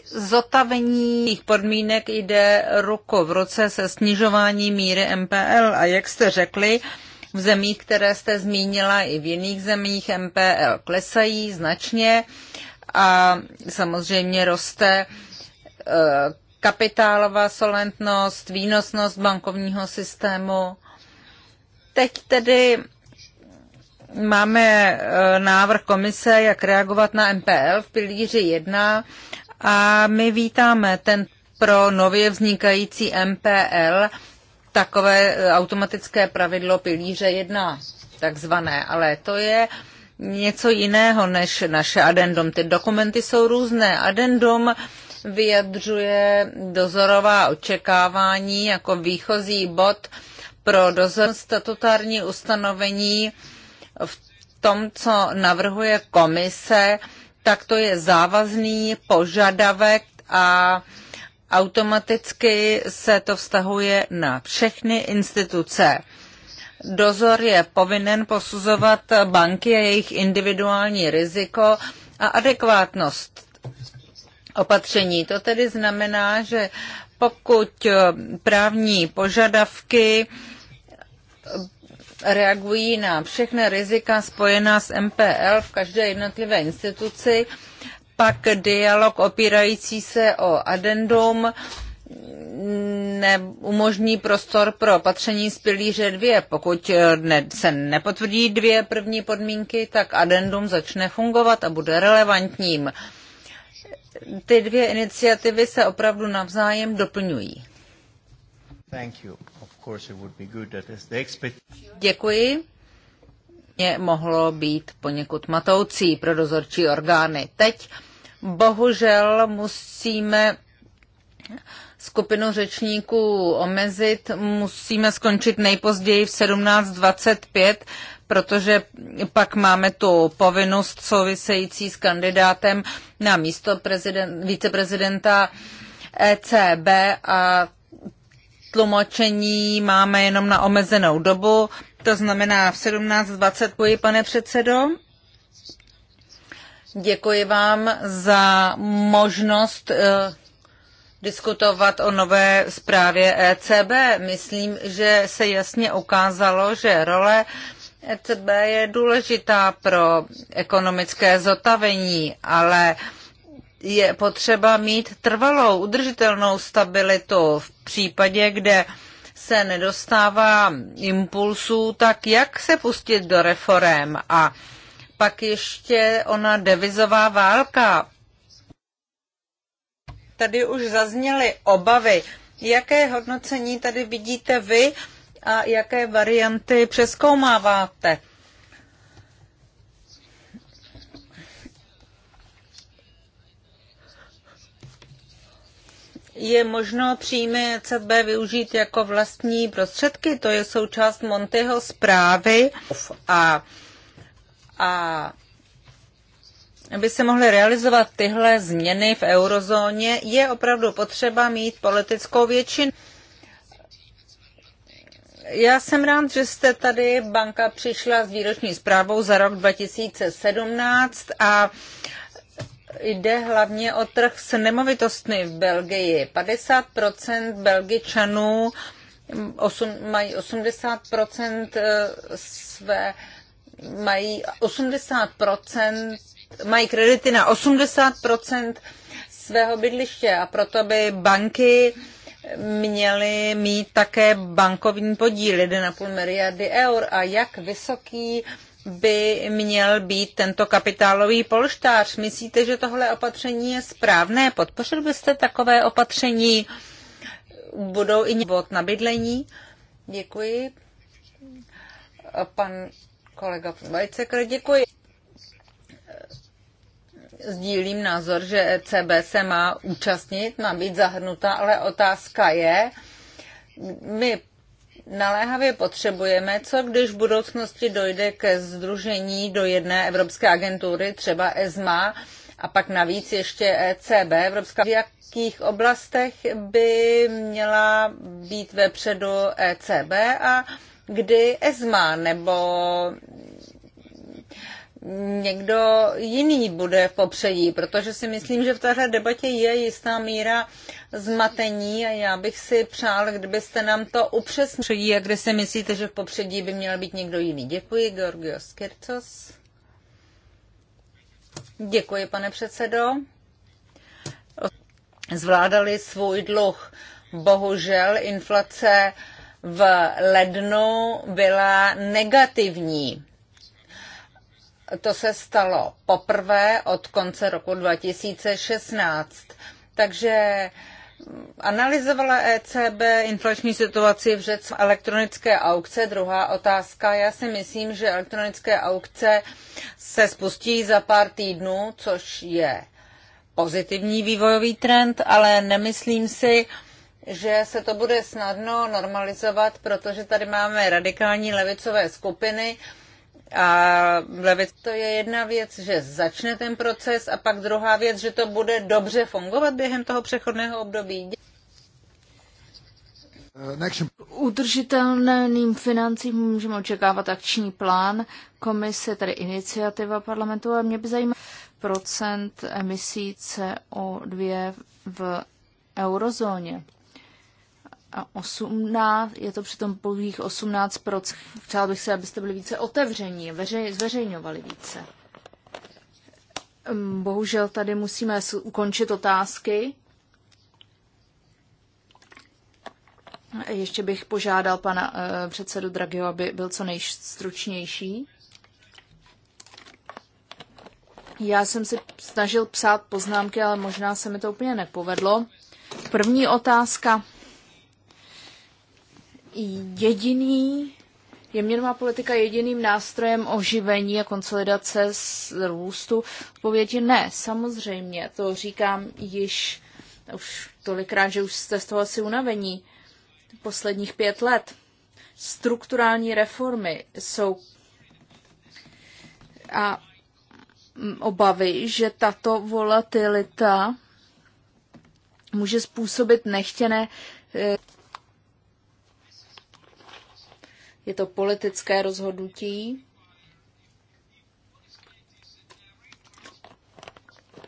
Zotavení podmínek jde ruku v ruce se snižování míry MPL a jak jste řekli, v zemích, které jste zmínila, i v jiných zemích MPL klesají značně a samozřejmě roste e, kapitálová solentnost, výnosnost bankovního systému. Teď tedy máme e, návrh komise, jak reagovat na MPL v pilíři 1 a my vítáme ten pro nově vznikající MPL takové eh, automatické pravidlo pilíře jedna, takzvané, ale to je něco jiného než naše adendum. Ty dokumenty jsou různé. Adendum vyjadřuje dozorová očekávání jako výchozí bod pro dozor statutární ustanovení v tom, co navrhuje komise, tak to je závazný požadavek a Automaticky se to vztahuje na všechny instituce. Dozor je povinen posuzovat banky a jejich individuální riziko a adekvátnost opatření. To tedy znamená, že pokud právní požadavky reagují na všechny rizika spojená s MPL v každé jednotlivé instituci, pak dialog opírající se o addendum ne, umožní prostor pro opatření z pilíře dvě. Pokud eh, ne, se nepotvrdí dvě první podmínky, tak addendum začne fungovat a bude relevantním. Ty dvě iniciativy se opravdu navzájem doplňují. Děkuji. Mě mohlo být poněkud matoucí pro dozorčí orgány. Teď Bohužel musíme skupinu řečníků omezit. Musíme skončit nejpozději v 17.25, protože pak máme tu povinnost související s kandidátem na místo prezident, viceprezidenta ECB a tlumočení máme jenom na omezenou dobu, to znamená v 17.20, pane předsedo. Děkuji vám za možnost eh, diskutovat o nové zprávě ECB. Myslím, že se jasně ukázalo, že role ECB je důležitá pro ekonomické zotavení, ale je potřeba mít trvalou, udržitelnou stabilitu v případě, kde se nedostává impulsů, tak jak se pustit do reform a pak ještě ona devizová válka. Tady už zazněly obavy. Jaké hodnocení tady vidíte vy a jaké varianty přeskoumáváte? je možno příjmy ECB využít jako vlastní prostředky, to je součást Montyho zprávy a a aby se mohly realizovat tyhle změny v eurozóně, je opravdu potřeba mít politickou většinu. Já jsem rád, že jste tady. Banka přišla s výroční zprávou za rok 2017 a jde hlavně o trh s nemovitostmi v Belgii. 50 Belgičanů osm, mají 80 eh, své mají 80%, mají kredity na 80% svého bydliště a proto by banky měly mít také bankovní podíl 1,5 miliardy eur a jak vysoký by měl být tento kapitálový polštář. Myslíte, že tohle opatření je správné? Podpořil byste takové opatření? Budou i vod na bydlení? Děkuji. Pan Kolega Vajcekr, děkuji. Sdílím názor, že ECB se má účastnit, má být zahrnuta, ale otázka je, my naléhavě potřebujeme, co když v budoucnosti dojde ke združení do jedné evropské agentury, třeba ESMA, a pak navíc ještě ECB, Evropská v jakých oblastech by měla být vepředu ECB a kdy ESMA nebo někdo jiný bude v popředí, protože si myslím, že v téhle debatě je jistá míra zmatení a já bych si přál, kdybyste nám to upřesnili, a kde si myslíte, že v popředí by měl být někdo jiný. Děkuji, Georgios Kircos. Děkuji, pane předsedo. Zvládali svůj dluh. Bohužel inflace v lednu byla negativní. To se stalo poprvé od konce roku 2016. Takže analyzovala ECB inflační situaci v Řecku elektronické aukce. Druhá otázka. Já si myslím, že elektronické aukce se spustí za pár týdnů, což je pozitivní vývojový trend, ale nemyslím si, že se to bude snadno normalizovat, protože tady máme radikální levicové skupiny a levic to je jedna věc, že začne ten proces a pak druhá věc, že to bude dobře fungovat během toho přechodného období. Udržitelným financím můžeme očekávat akční plán komise, tedy iniciativa parlamentu, a mě by zajímalo procent emisí CO2 v eurozóně a 18, je to přitom pouhých 18 Přál bych se, abyste byli více otevření, veře, zveřejňovali více. Ehm, bohužel tady musíme ukončit otázky. Ještě bych požádal pana uh, předsedu Dragio, aby byl co nejstručnější. Já jsem si snažil psát poznámky, ale možná se mi to úplně nepovedlo. První otázka jediný, je měnová politika jediným nástrojem oživení a konsolidace z růstu? Odpověď ne, samozřejmě. To říkám již už tolikrát, že už jste z toho asi unavení posledních pět let. Strukturální reformy jsou a obavy, že tato volatilita může způsobit nechtěné eh, Je to politické rozhodnutí.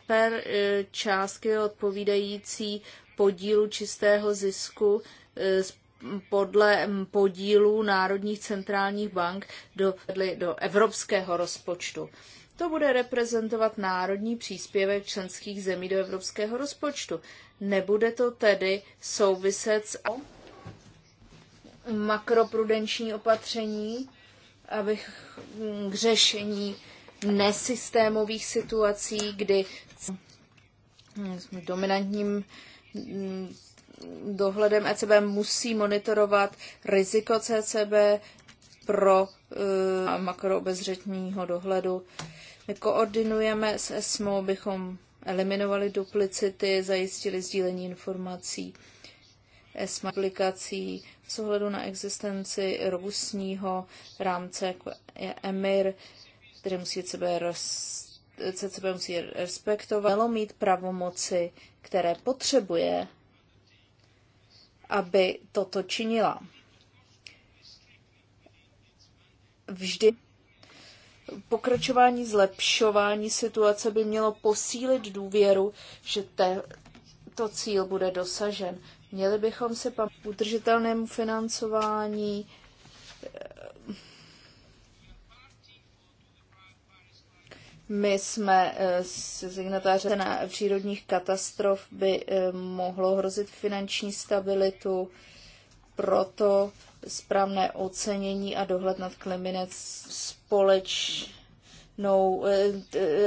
Per eh, částky odpovídající podílu čistého zisku eh, podle podílů národních centrálních bank do, do evropského rozpočtu. To bude reprezentovat národní příspěvek členských zemí do evropského rozpočtu. Nebude to tedy souviset s makroprudenční opatření, abych mm, k řešení nesystémových situací, kdy jsme mm, dominantním mm, dohledem ECB musí monitorovat riziko CCB pro uh, makroobezřetního dohledu. My koordinujeme s ESMO, bychom eliminovali duplicity, zajistili sdílení informací. ESMA aplikací s ohledu na existenci robustního rámce jako je EMIR, který musí CCB, roz, CCB musí respektovat, mělo mít pravomoci, které potřebuje, aby toto činila. Vždy pokračování zlepšování situace by mělo posílit důvěru, že te, to cíl bude dosažen. Měli bychom se pak udržitelnému financování eh, My jsme eh, signatáře na přírodních katastrof by eh, mohlo hrozit finanční stabilitu, proto správné ocenění a dohled nad kliminec společnou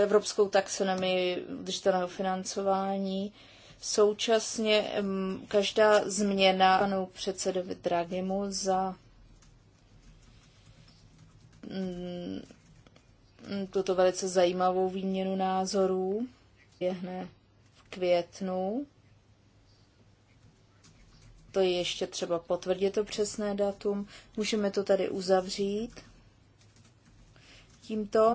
evropskou taxonomii udržitelného financování Současně každá změna panu předsedovi Dragimu za mm, mm, tuto velice zajímavou výměnu názorů běhne v květnu. To je ještě třeba potvrdit to přesné datum. Můžeme to tady uzavřít tímto.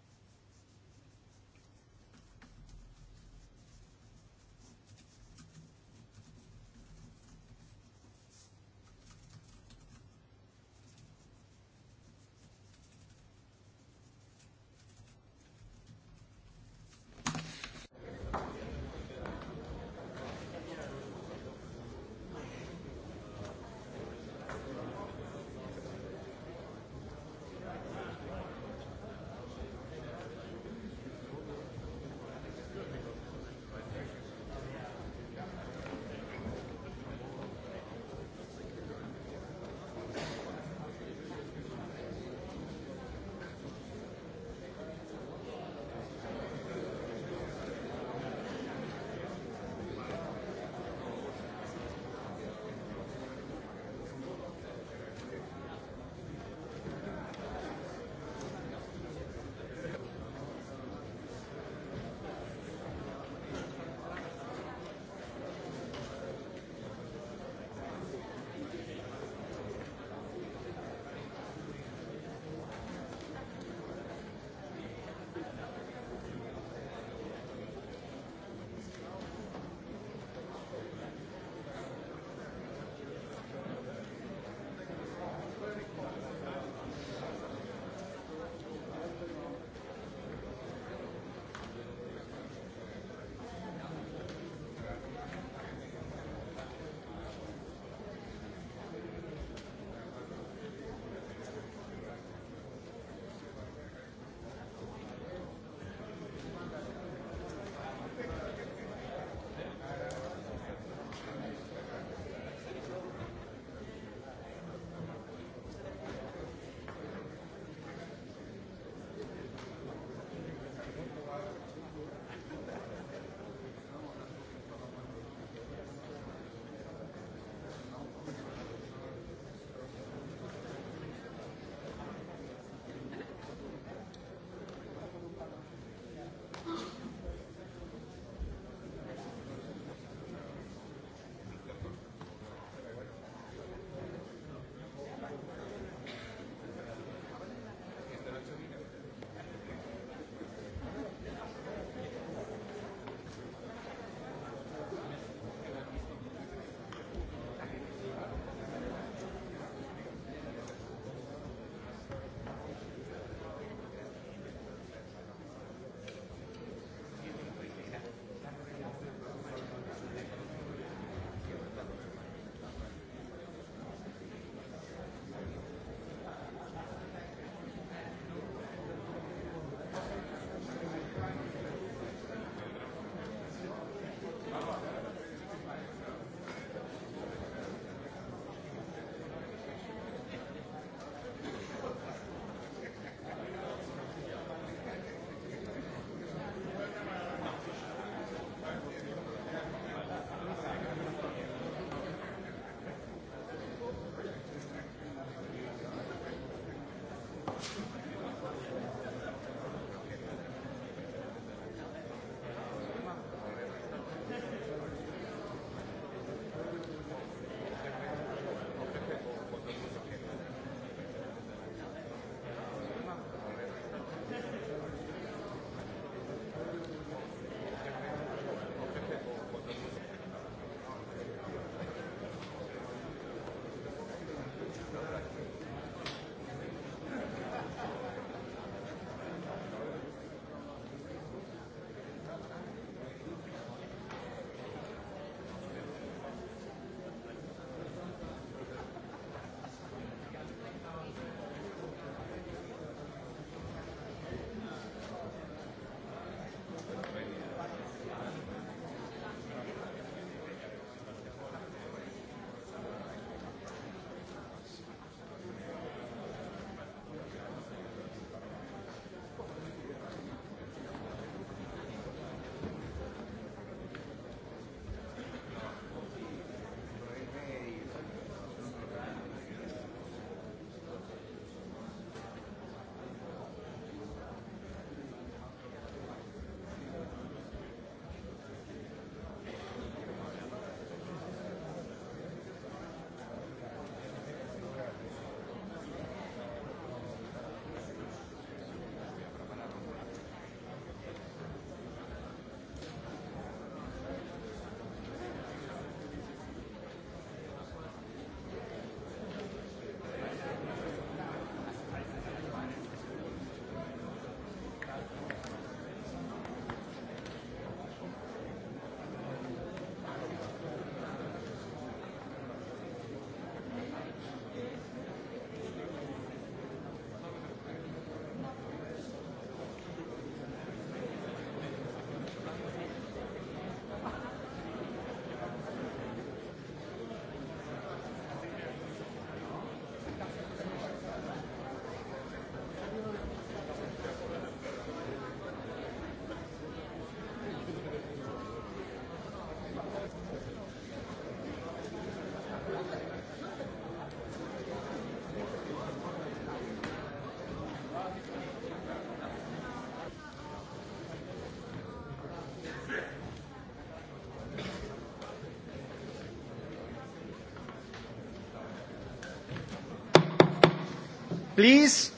Please.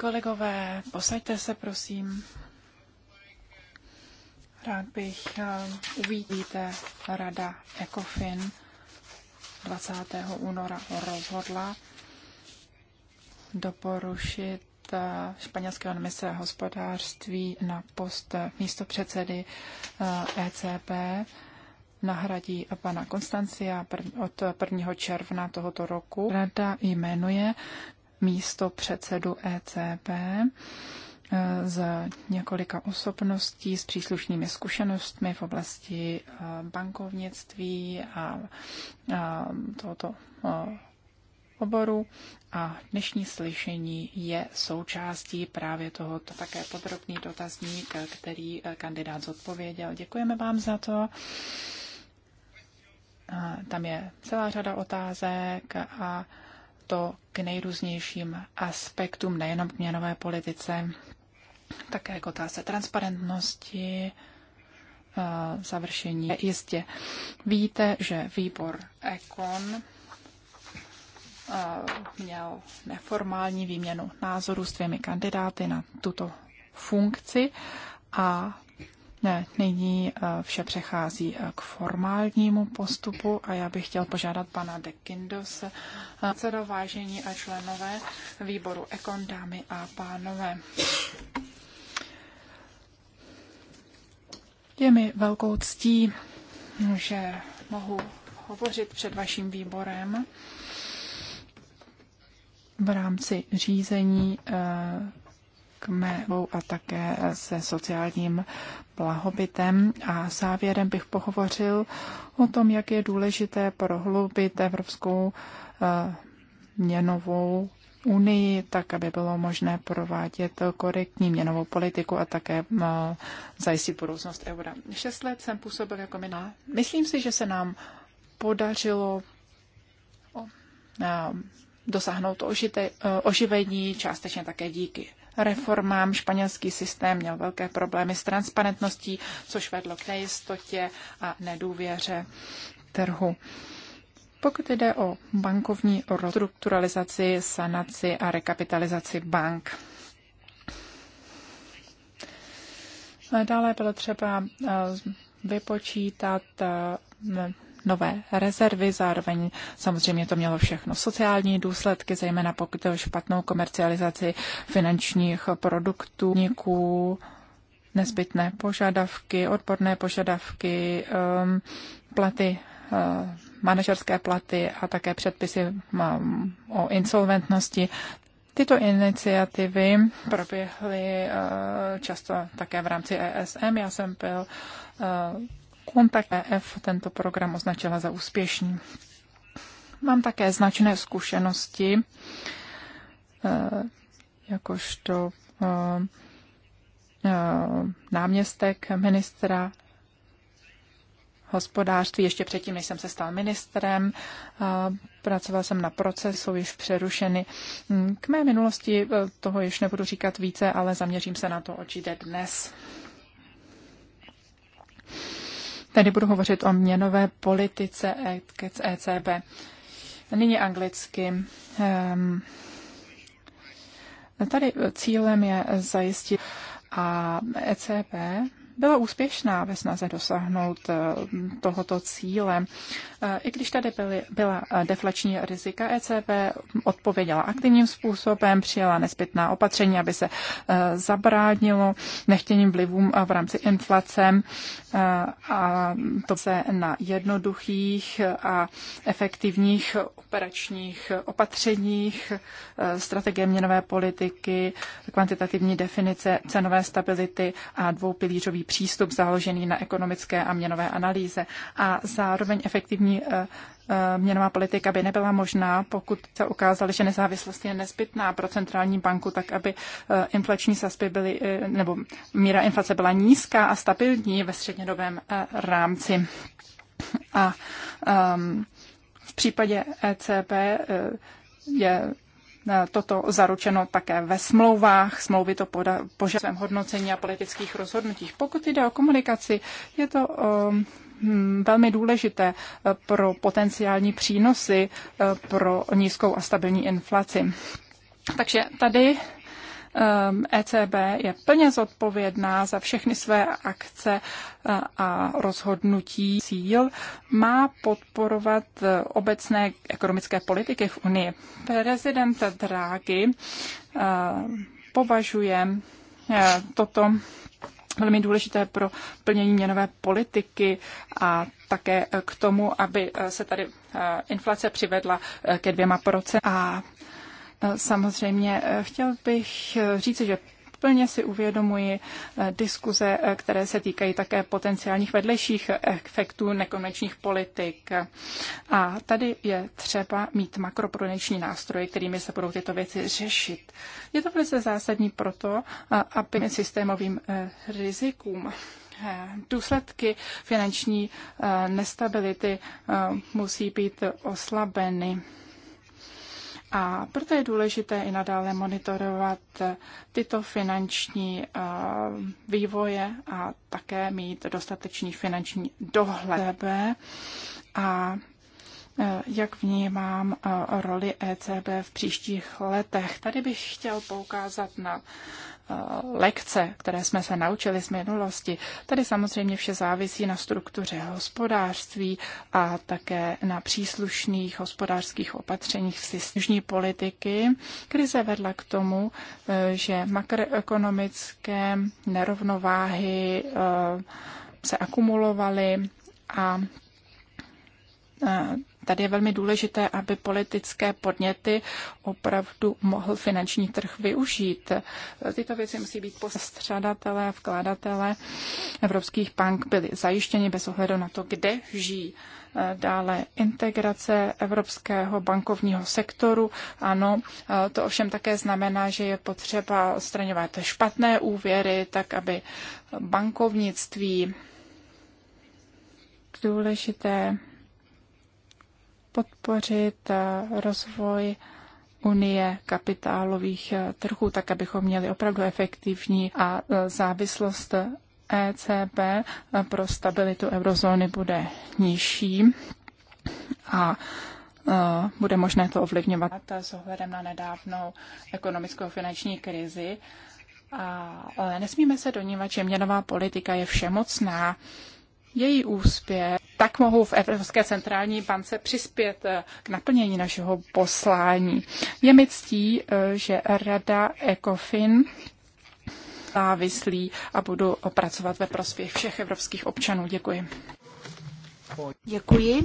Kolegové, posaďte se, prosím. Rád bych uh, rada ECOFIN 20. února rozhodla doporušit eh, španělského ministra hospodářství na post místopředsedy ECB eh, e nahradí pana Konstancia od 1. června tohoto roku. Rada jmenuje místo předsedu ECB eh, z několika osobností s příslušnými zkušenostmi v oblasti eh, bankovnictví a tohoto eh, oboru a dnešní slyšení je součástí právě tohoto také podrobný dotazník, který kandidát zodpověděl. Děkujeme vám za to. Tam je celá řada otázek a to k nejrůznějším aspektům, nejenom k měnové politice, také k otázce transparentnosti, završení. Jistě víte, že výbor Econ měl neformální výměnu názorů s dvěmi kandidáty na tuto funkci a ne, Nyní eh, vše přechází eh, k formálnímu postupu a já bych chtěl požádat pana de Kindos, eh, předsedo vážení a členové výboru Ekon, dámy a pánové. Je mi velkou ctí, že mohu hovořit před vaším výborem v rámci řízení k mevou a také se sociálním blahobytem. A závěrem bych pohovořil o tom, jak je důležité prohloubit Evropskou eh, měnovou unii, tak aby bylo možné provádět korektní měnovou politiku a také eh, zajistit budoucnost eura. Šest let jsem působil jako mina. Myslím si, že se nám podařilo eh, dosáhnout ožite, oživení, částečně také díky reformám španělský systém měl velké problémy s transparentností, což vedlo k nejistotě a nedůvěře trhu. Pokud jde o bankovní restrukturalizaci, sanaci a rekapitalizaci bank, Dále bylo třeba eh, vypočítat eh, nové rezervy, zároveň samozřejmě to mělo všechno sociální důsledky, zejména pokud o špatnou komercializaci finančních produktů, niků, nezbytné požadavky, odborné požadavky, um, platy, uh, manažerské platy a také předpisy um, o insolventnosti. Tyto iniciativy proběhly uh, často také v rámci ESM. Já jsem byl uh, Kontakt EF tento program označila za úspěšný. Mám také značné zkušenosti, e, jakožto e, e, náměstek ministra hospodářství, ještě předtím, než jsem se stal ministrem. Pracoval jsem na procesu, jsou již přerušeny. K mé minulosti toho již nebudu říkat více, ale zaměřím se na to, oči jde dnes. Tady budu hovořit o měnové politice ECB. Nyní anglicky. Ehm, tady cílem je zajistit a ECB byla úspěšná ve snaze dosáhnout eh, tohoto cíle. Eh, I když tady byly, byla eh, deflační rizika, ECB odpověděla aktivním způsobem, přijala nezbytná opatření, aby se zabránilo nechtěným vlivům v rámci inflace a to se na jednoduchých a efektivních operačních opatřeních, strategie měnové politiky, kvantitativní definice cenové stability a dvoupilířový přístup založený na ekonomické a měnové analýze. A zároveň efektivní eh, eh, měnová politika by nebyla možná, pokud se ukázalo, že nezávislost je nezbytná pro centrální banku, tak aby eh, inflační sazby byly, nebo míra inflace byla nízká a stabilní ve střednědobém rámci. A um, v případě ECB je E, toto zaručeno také ve smlouvách. Smlouvy to požadují svém hodnocení a politických rozhodnutích. Pokud jde o komunikaci, je to e, hm, velmi důležité e, pro potenciální přínosy pro nízkou a stabilní inflaci. Takže tady ECB ehm, e je plně zodpovědná za všechny své akce eh, a rozhodnutí. Cíl má podporovat eh, obecné ekonomické politiky v Unii. Prezident Draghi eh, považuje toto velmi důležité pro plnění měnové politiky a také k tomu, aby se tady inflace přivedla ke dvěma procentům. A Eh, samozřejmě eh, chtěl bych eh, říct, že plně si uvědomuji diskuze, které se týkají také potenciálních vedlejších efektů nekonečných politik. A tady je třeba mít makroprudenční nástroje, kterými se budou tyto věci řešit. Je to velice zásadní proto, aby systémovým rizikům důsledky finanční nestability musí být oslabeny. A proto je důležité i nadále monitorovat tyto finanční eh, vývoje a také mít dostatečný finanční dohled. E a eh, jak vnímám eh, roli ECB v příštích letech. Tady bych chtěl poukázat na Eh, lekce, které jsme se naučili z minulosti. Tady samozřejmě vše závisí na struktuře hospodářství a také na příslušných hospodářských opatřeních v systémní politiky. Krize vedla k tomu, eh, že makroekonomické nerovnováhy eh, se akumulovaly a tady je velmi důležité, aby politické podněty opravdu mohl finanční trh využít. Tyto věci musí být postřadatelé, vkladatelé evropských bank byli zajištěni bez ohledu na to, kde žijí dále integrace evropského bankovního sektoru. Ano, to ovšem také znamená, že je potřeba odstraňovat špatné úvěry, tak aby bankovnictví důležité podpořit eh, rozvoj unie kapitálových eh, trhů, tak abychom měli opravdu efektivní a eh, závislost ECB pro stabilitu eurozóny bude nižší a bude možné to ovlivňovat s ohledem na nedávnou ekonomickou finanční krizi. A, ale nesmíme se donívat, že měnová politika je všemocná její úspěch, tak mohou v Evropské centrální bance přispět eh, k naplnění našeho poslání. Je mi ctí, eh, že Rada ECOFIN závislí a budu pracovat ve prospěch všech evropských občanů. Děkuji. Děkuji.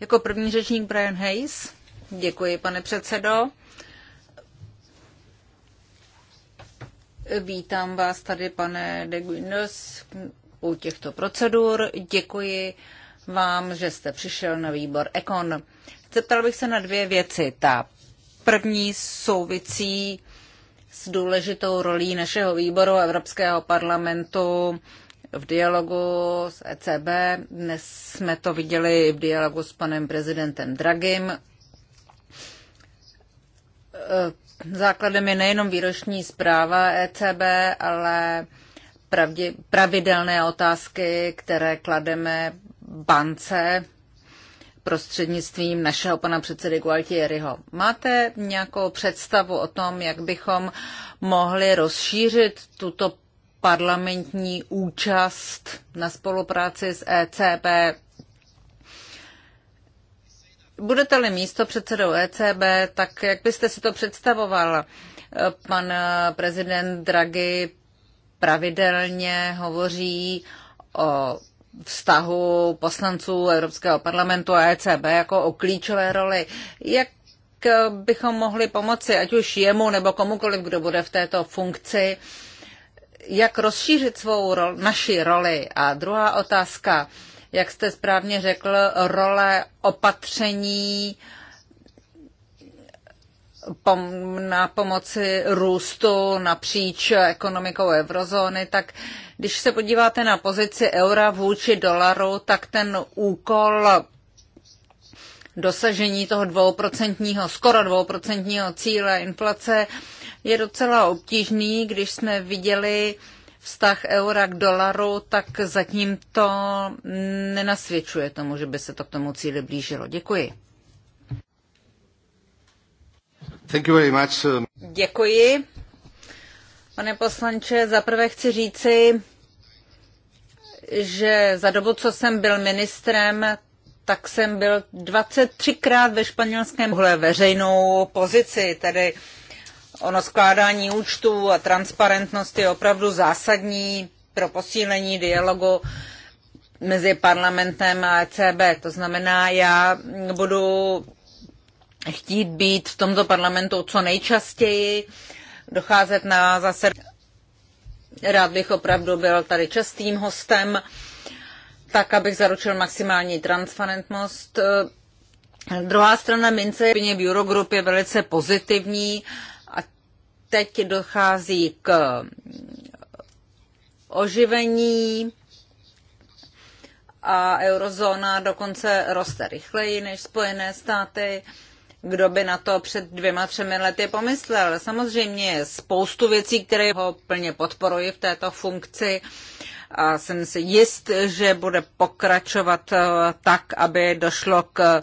Jako první řečník Brian Hayes. Děkuji, pane předsedo. Vítám vás tady, pane de Guindos, u těchto procedur. Děkuji vám, že jste přišel na výbor Ekon. Zeptal bych se na dvě věci. Ta první souvisí s důležitou rolí našeho výboru Evropského parlamentu v dialogu s ECB. Dnes jsme to viděli v dialogu s panem prezidentem Dragim Základem je nejenom výroční zpráva ECB, ale pravdě, pravidelné otázky, které klademe bance prostřednictvím našeho pana předsedy Gualtieriho. Máte nějakou představu o tom, jak bychom mohli rozšířit tuto parlamentní účast na spolupráci s ECB budete-li místo předsedou ECB, tak jak byste si to představoval? Pan prezident Draghi pravidelně hovoří o vztahu poslanců Evropského parlamentu a ECB jako o klíčové roli. Jak bychom mohli pomoci, ať už jemu nebo komukoliv, kdo bude v této funkci, jak rozšířit svou roli, naši roli? A druhá otázka, jak jste správně řekl, role opatření na pomoci růstu napříč ekonomikou eurozóny, tak když se podíváte na pozici eura vůči dolaru, tak ten úkol dosažení toho dvouprocentního, skoro dvouprocentního cíle inflace je docela obtížný, když jsme viděli, vztah eura k dolaru, tak zatím to nenasvědčuje tomu, že by se to k tomu cíli blížilo. Děkuji. Thank you very much. Děkuji. Pane poslanče, zaprvé chci říci, že za dobu, co jsem byl ministrem, tak jsem byl 23krát ve španělském veřejnou pozici, tedy Ono skládání účtů a transparentnost je opravdu zásadní pro posílení dialogu mezi parlamentem a ECB. To znamená, já budu chtít být v tomto parlamentu co nejčastěji, docházet na zase. Rád bych opravdu byl tady častým hostem, tak abych zaručil maximální transparentnost. Druhá strana mince v Eurogroup je velice pozitivní teď dochází k oživení a eurozóna dokonce roste rychleji než Spojené státy. Kdo by na to před dvěma, třemi lety pomyslel? Samozřejmě je spoustu věcí, které ho plně podporuji v této funkci a jsem si jist, že bude pokračovat tak, aby došlo k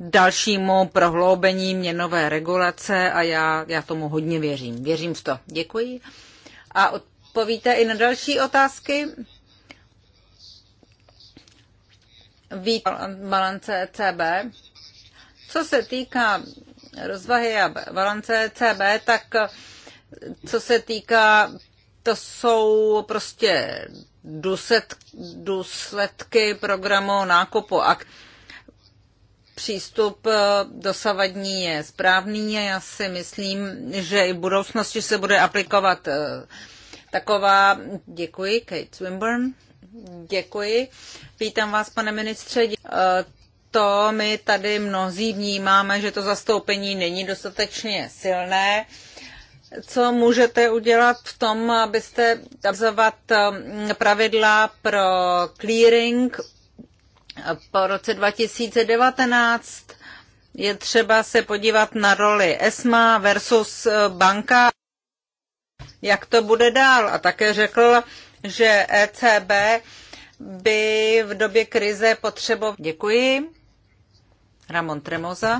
dalšímu prohloubení měnové regulace a já, já tomu hodně věřím. Věřím v to. Děkuji. A odpovíte i na další otázky? Ví balance ECB. Co se týká rozvahy a balance ECB, tak co se týká, to jsou prostě důsledky programu nákupu akcí přístup eh, dosavadní je správný a já si myslím, že i v budoucnosti se bude aplikovat eh, taková. Děkuji, Kate Swinburne. Děkuji. Vítám vás, pane ministře. Eh, to my tady mnozí vnímáme, že to zastoupení není dostatečně silné. Co můžete udělat v tom, abyste obzovat pravidla pro clearing po roce 2019 je třeba se podívat na roli ESMA versus eh, banka, jak to bude dál. A také řekl, že ECB by v době krize potřeboval. Děkuji. Ramon Tremoza.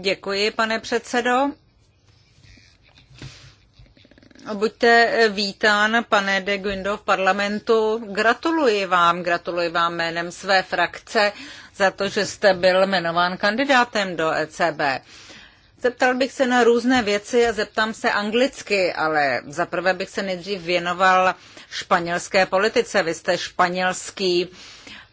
Děkuji, pane předsedo. Buďte eh, vítán, pane de Guindo, v parlamentu. Gratuluji vám, gratuluji vám jménem své frakce za to, že jste byl jmenován kandidátem do ECB. Zeptal bych se na různé věci a zeptám se anglicky, ale zaprvé bych se nejdřív věnoval španělské politice. Vy jste španělský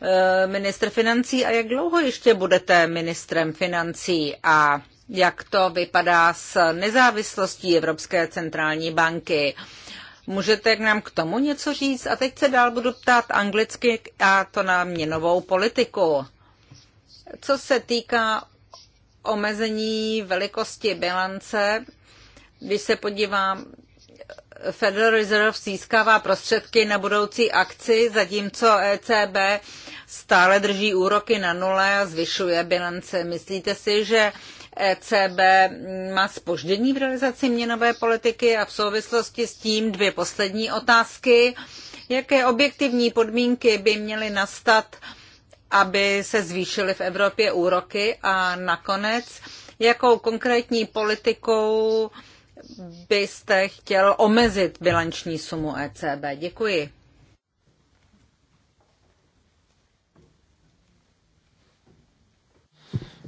eh, ministr financí a jak dlouho ještě budete ministrem financí a jak to vypadá s nezávislostí Evropské centrální banky. Můžete k nám k tomu něco říct? A teď se dál budu ptát anglicky a to na měnovou politiku. Co se týká omezení velikosti bilance, když se podívám, Federal Reserve získává prostředky na budoucí akci, zatímco ECB stále drží úroky na nule a zvyšuje bilance. Myslíte si, že ECB má spoždění v realizaci měnové politiky a v souvislosti s tím dvě poslední otázky. Jaké objektivní podmínky by měly nastat, aby se zvýšily v Evropě úroky a nakonec, jakou konkrétní politikou byste chtěl omezit bilanční sumu ECB? Děkuji.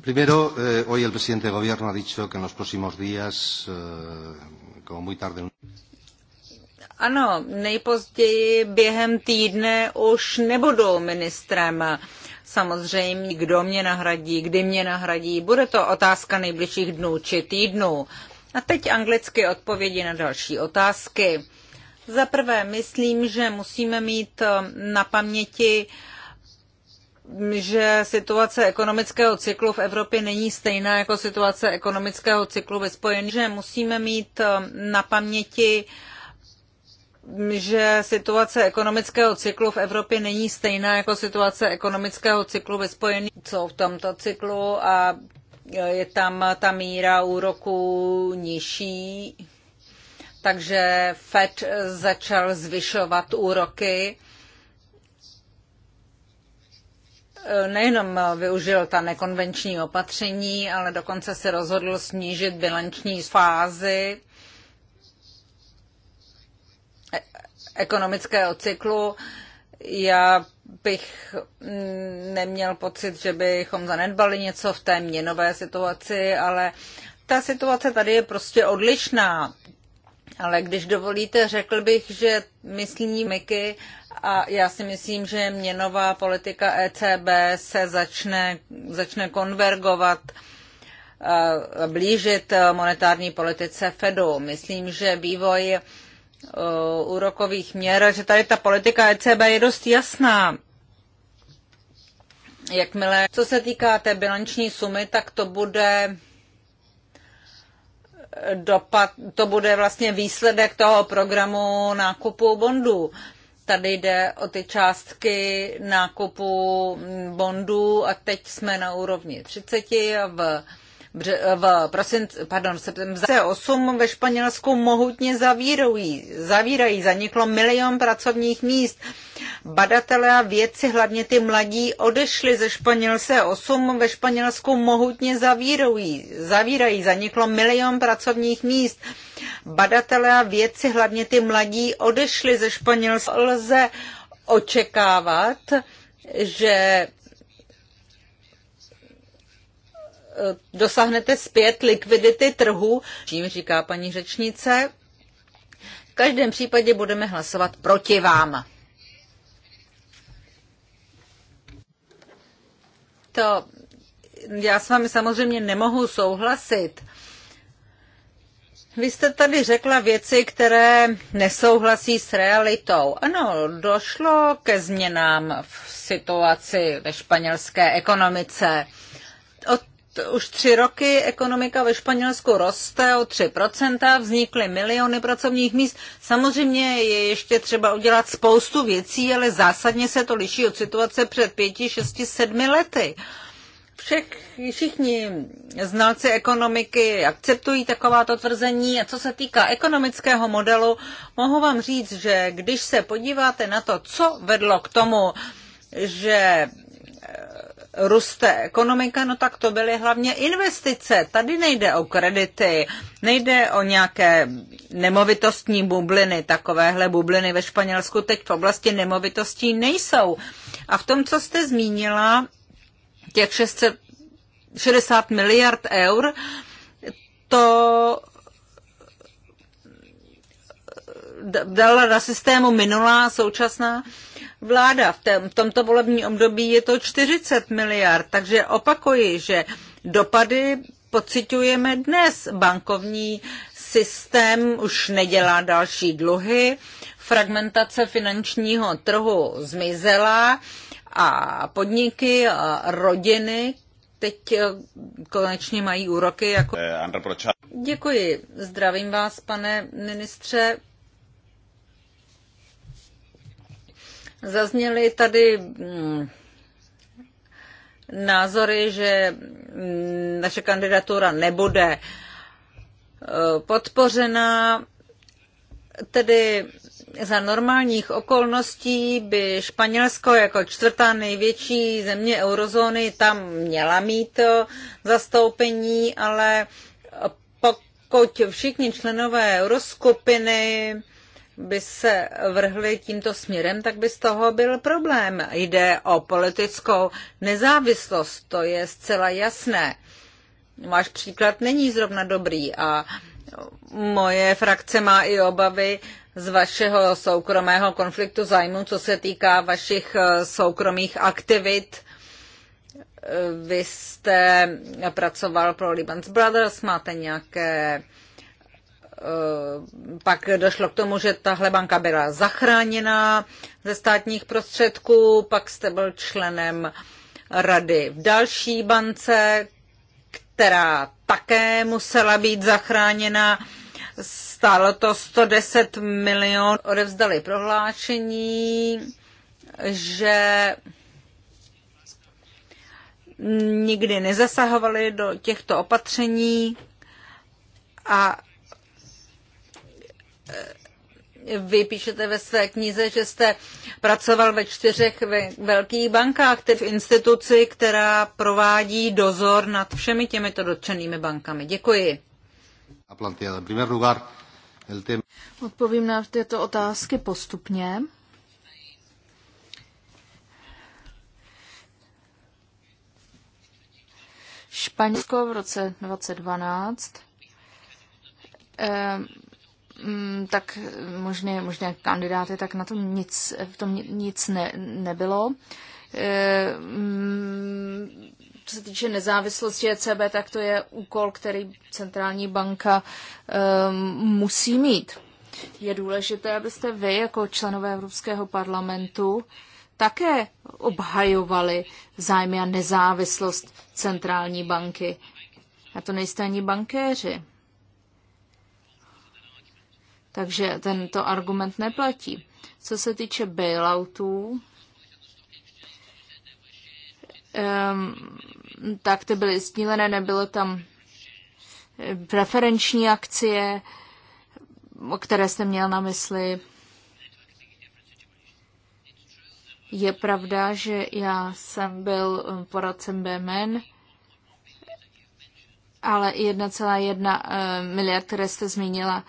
Primero, eh, hoy el presidente del gobierno ha dicho que en los próximos días, eh, como muy tarde. Ano, nejpozději během týdne už nebudu ministrem. Samozřejmě, kdo mě nahradí, kdy mě nahradí, bude to otázka nejbližších dnů či týdnů. A teď anglicky odpovědi na další otázky. Za prvé, myslím, že musíme mít eh, na paměti uh, že situace ekonomického cyklu v Evropě není stejná jako situace ekonomického cyklu ve Spojených, že musíme mít um, na paměti že situace ekonomického cyklu v Evropě není stejná jako situace ekonomického cyklu ve Spojených co v tomto cyklu a e, je tam ta míra úroku nižší, takže Fed začal zvyšovat úroky Eh, nejenom využil ta nekonvenční opatření, ale dokonce se rozhodl snížit bilanční fázi e, ekonomického cyklu. Já bych mm, neměl pocit, že bychom zanedbali něco v té měnové situaci, ale ta situace tady je prostě odlišná. Ale když dovolíte, řekl bych, že myslím Miky a já si myslím, že měnová politika ECB se začne, začne konvergovat eh, blížit monetární politice Fedu. Myslím, že vývoj eh, úrokových měr, že tady ta politika ECB je dost jasná. Jakmile, co se týká té bilanční sumy, tak to bude dopad, to bude vlastně výsledek toho programu nákupu bondů. Tady jde o ty částky nákupu bondů a teď jsme na úrovni 30 a v v prosinci, pardon, se 8 ve Španělsku mohutně zavírují, zavírají, zaniklo milion pracovních míst badatelé a vědci, hlavně ty mladí, odešli ze Španělce 8, ve Španělsku mohutně zavírují, zavírají, zaniklo milion pracovních míst. Badatelé a vědci, hlavně ty mladí, odešli ze Španělska. Lze očekávat, že eh, dosáhnete zpět likvidity trhu, čím říká paní řečnice. V každém případě budeme hlasovat proti vám. to já s vámi samozřejmě nemohu souhlasit. Vy jste tady řekla věci, které nesouhlasí s realitou. Ano, došlo ke změnám v situaci ve španělské ekonomice. O už tři roky ekonomika ve Španělsku roste o 3%, vznikly miliony pracovních míst. Samozřejmě je ještě třeba udělat spoustu věcí, ale zásadně se to liší od situace před pěti, šesti, sedmi lety. Všech, všichni znalci ekonomiky akceptují takováto tvrzení a co se týká ekonomického modelu, mohu vám říct, že když se podíváte na to, co vedlo k tomu, že roste ekonomika, no tak to byly hlavně investice. Tady nejde o kredity, nejde o nějaké nemovitostní bubliny. Takovéhle bubliny ve Španělsku teď v oblasti nemovitostí nejsou. A v tom, co jste zmínila, těch 660 miliard eur, to dala na systému minulá, současná vláda. V, tém, v tomto volebním období je to 40 miliard, takže opakuji, že dopady pocitujeme dnes. Bankovní systém už nedělá další dluhy, fragmentace finančního trhu zmizela a podniky a rodiny teď eh, konečně mají úroky jako... Eh, Děkuji. Zdravím vás, pane ministře. Zazněly tady mm, názory, že naše kandidatura nebude e, podpořena. Tedy za normálních okolností by Španělsko jako čtvrtá největší země eurozóny tam měla mít e, zastoupení, ale pokud všichni členové euroskupiny by se vrhli tímto směrem, tak by z toho byl problém. Jde o politickou nezávislost, to je zcela jasné. Váš příklad není zrovna dobrý a moje frakce má i obavy z vašeho soukromého konfliktu zájmu, co se týká vašich eh, soukromých aktivit. Eh, vy jste pracoval pro Libans Brothers, máte nějaké Eh, pak došlo k tomu, že tahle banka byla zachráněna ze státních prostředků, pak jste byl členem rady v další bance, která také musela být zachráněna. Stálo to 110 milionů. Odevzdali prohlášení, že nikdy nezasahovali do těchto opatření a Eh, vy píšete ve své knize, že jste pracoval ve čtyřech velkých bankách, tedy v instituci, která provádí dozor nad všemi těmito dotčenými bankami. Děkuji. Odpovím na tyto otázky postupně. Španělsko v roce 2012 Mm, tak možné, možné kandidáty, tak na tom nic, v tom nic ne, nebylo. E, mm, co se týče nezávislosti ECB, tak to je úkol, který centrální banka e, musí mít. Je důležité, abyste vy, jako členové Evropského parlamentu, také obhajovali zájmy a nezávislost centrální banky. A to nejste ani bankéři. Takže tento argument neplatí. Co se týče bailoutů, ehm, tak ty byly sdílené, nebylo tam preferenční eh, akcie, o které jste měl na mysli. Je pravda, že já jsem byl eh, poradcem BMN, ale 1,1 eh, miliard, které jste zmínila,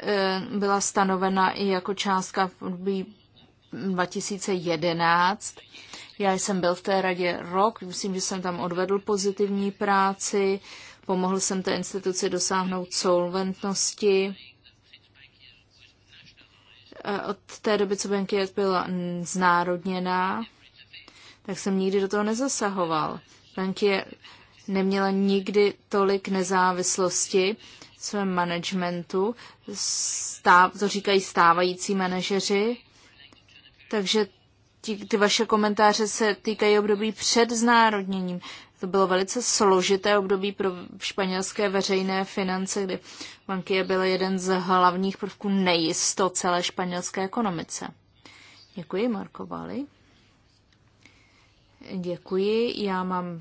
Eh, byla stanovena i jako částka v 2011. Já jsem byl v té radě rok, myslím, že jsem tam odvedl pozitivní práci, pomohl jsem té instituci dosáhnout solventnosti. Eh, od té doby, co banky byla znárodněná, tak jsem nikdy do toho nezasahoval. Banky neměla nikdy tolik nezávislosti svém managementu, stáv, to říkají stávající manažeři, takže ty, ty vaše komentáře se týkají období před znárodněním. To bylo velice složité období pro španělské veřejné finance, kdy banky byl jeden z hlavních prvků nejisto celé španělské ekonomice. Děkuji, Marko Vali. Děkuji. Já mám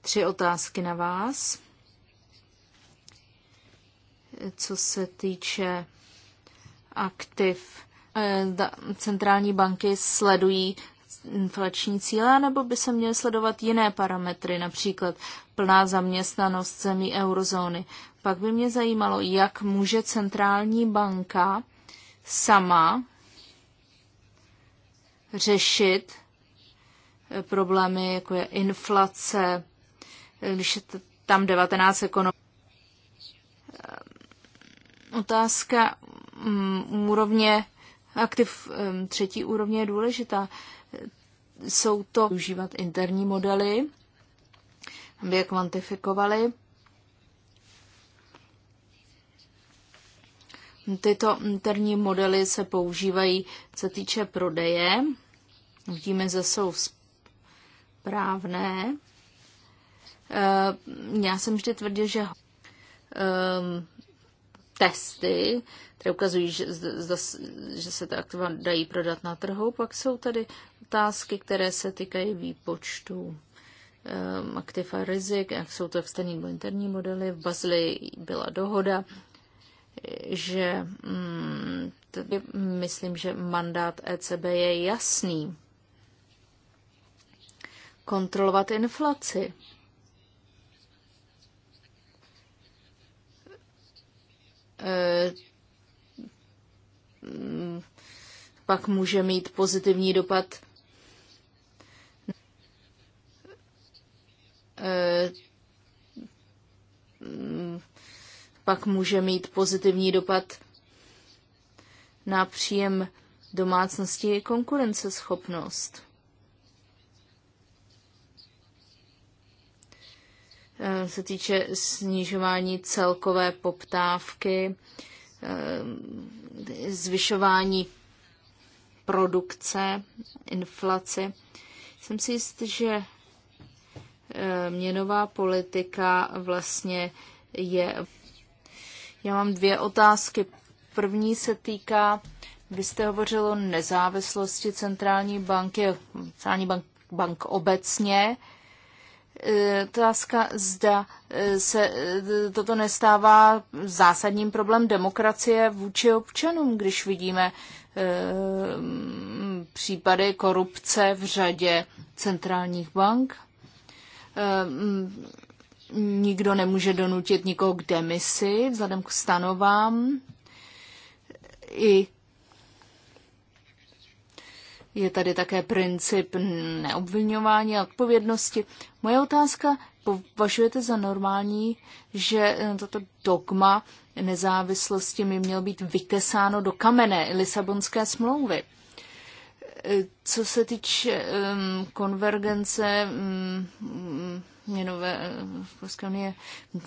tři otázky na vás co se týče aktiv. Eh, centrální banky sledují inflační cíle, nebo by se měly sledovat jiné parametry, například plná zaměstnanost zemí eurozóny. Pak by mě zajímalo, jak může centrální banka sama řešit eh, problémy, jako je inflace, když je tam 19 ekonomik Otázka um, úrovně aktiv um, třetí úrovně je důležitá. Jsou to užívat interní modely, aby je kvantifikovali. Tyto interní modely se používají, co týče prodeje. Vidíme, že jsou správné. Eh, já jsem vždy tvrdil, že ehm, testy, které ukazují, že, zda, že se ta aktiva dají prodat na trhu. Pak jsou tady otázky, které se týkají výpočtu um, aktiv a rizik, jak jsou to externí nebo interní modely. V Bazli byla dohoda, že um, mm, tady myslím, že mandát ECB je jasný. Kontrolovat inflaci Eh, pak může mít pozitivní dopad eh, pak může mít pozitivní dopad na příjem domácnosti i konkurenceschopnost. Eh, se týče snižování celkové poptávky, eh, zvyšování produkce, inflace. Jsem si jist, že eh, měnová politika vlastně je. Já mám dvě otázky. První se týká, vy jste hovořil o nezávislosti centrální banky, centrální bank, bank obecně otázka, zda e, se e, toto nestává zásadním problém demokracie vůči občanům, když vidíme e, případy korupce v řadě centrálních bank. Nikdo nemůže donutit nikoho k demisi vzhledem k stanovám. I je tady také princip neobvinování a odpovědnosti. Moje otázka, považujete za normální, že eh, toto dogma nezávislosti mi měl být vytesáno do kamene Lisabonské smlouvy? Eh, co se týče um, konvergence um, měnové, eh,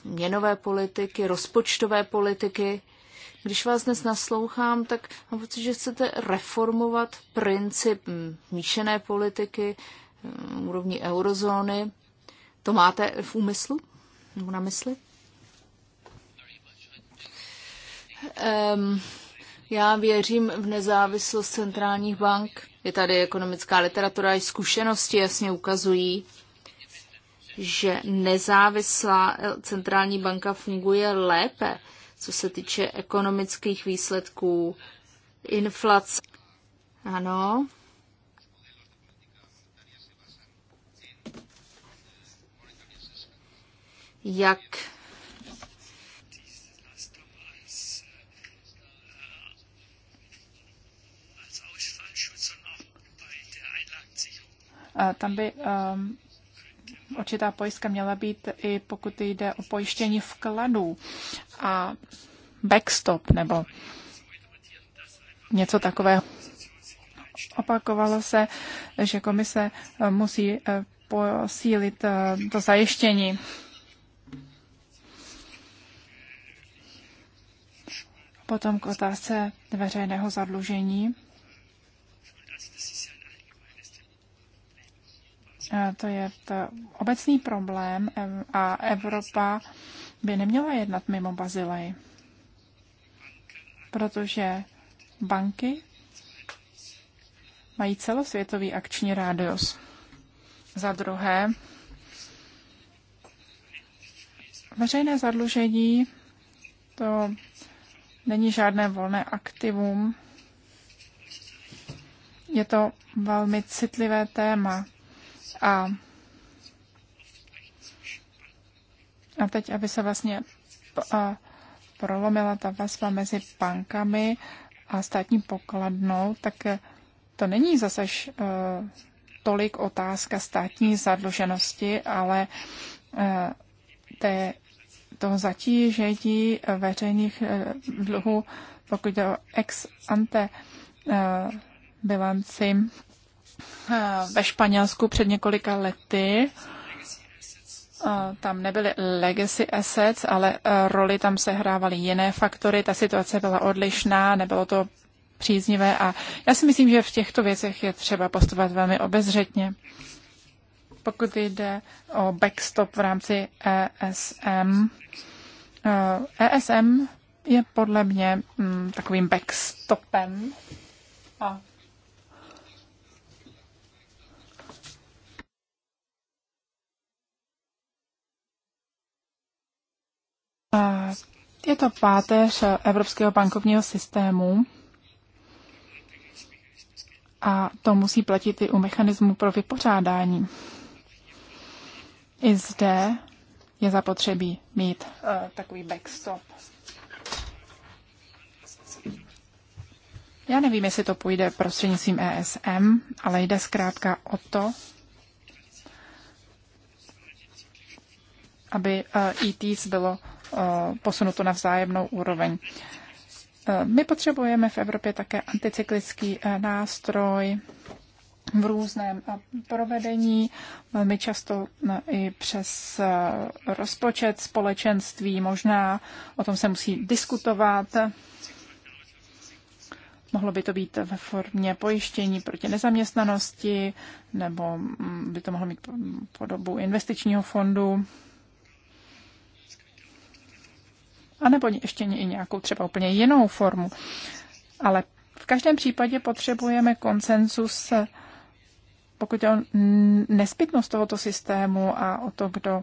měnové politiky, rozpočtové politiky, když vás dnes naslouchám, tak mám pocit, že chcete reformovat princip míšené politiky mm, úrovni eurozóny. To máte v úmyslu? Nebo na mysli? Um, já věřím v nezávislost centrálních bank. Je tady ekonomická literatura, i zkušenosti jasně ukazují, že nezávislá centrální banka funguje lépe co se týče ekonomických výsledků, inflace. Ano. Jak Tam by um, určitá pojistka měla být i pokud jde o pojištění vkladů a backstop nebo něco takového. Opakovalo se, že komise musí eh, posílit eh, to zajištění. Potom k otázce veřejného zadlužení. Eh, to je to obecný problém a Evropa by neměla jednat mimo Bazilej, protože banky mají celosvětový akční rádios, Za druhé, veřejné zadlužení to není žádné volné aktivum. Je to velmi citlivé téma a A teď, aby se vlastně prolomila ta vazba mezi bankami a státní pokladnou, tak eh, to není zase eh, tolik otázka státní zadluženosti, ale eh, té, toho zatížení veřejných dluhů, pokud jde o ex ante bilanci ve Španělsku před několika lety, tam nebyly legacy assets, ale e, roli tam se hrávaly jiné faktory, ta situace byla odlišná, nebylo to příznivé a já si myslím, že v těchto věcech je třeba postupovat velmi obezřetně. Pokud jde o backstop v rámci ESM, ESM e je podle mě mm, takovým backstopem a Je to páteř Evropského bankovního systému a to musí platit i u mechanismu pro vypořádání. I zde je zapotřebí mít uh, takový backstop. Já nevím, jestli to půjde prostřednictvím ESM, ale jde zkrátka o to, aby uh, eh, ETs bylo Eh, posunuto na vzájemnou úroveň. Eh, my potřebujeme v Evropě také anticyklický eh, nástroj v různém provedení, velmi často i přes rozpočet společenství možná, o tom se musí diskutovat. Mohlo by to být ve formě pojištění proti nezaměstnanosti, nebo mm, by to mohlo mít podobu investičního fondu. anebo ještě i nějakou třeba úplně jinou formu. Ale v každém případě potřebujeme konsenzus, pokud je o nezbytnost tohoto systému a o to, kdo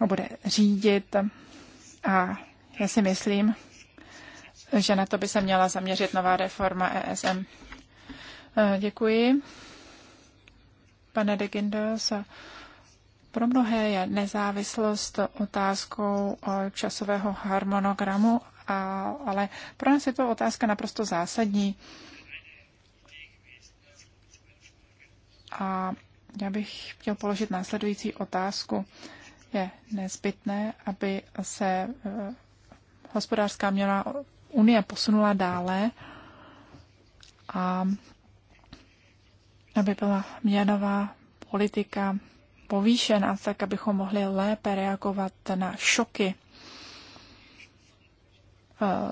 ho bude řídit. A já si myslím, že na to by se měla zaměřit nová reforma ESM. E, děkuji, pane de Gindos, pro mnohé je nezávislost otázkou eh, časového harmonogramu, ale pro nás je to otázka naprosto zásadní. A já bych chtěl položit následující otázku. Je nezbytné, aby se eh, hospodářská měna Unie posunula dále a aby byla měnová politika povýšena, tak abychom mohli lépe reagovat na šoky.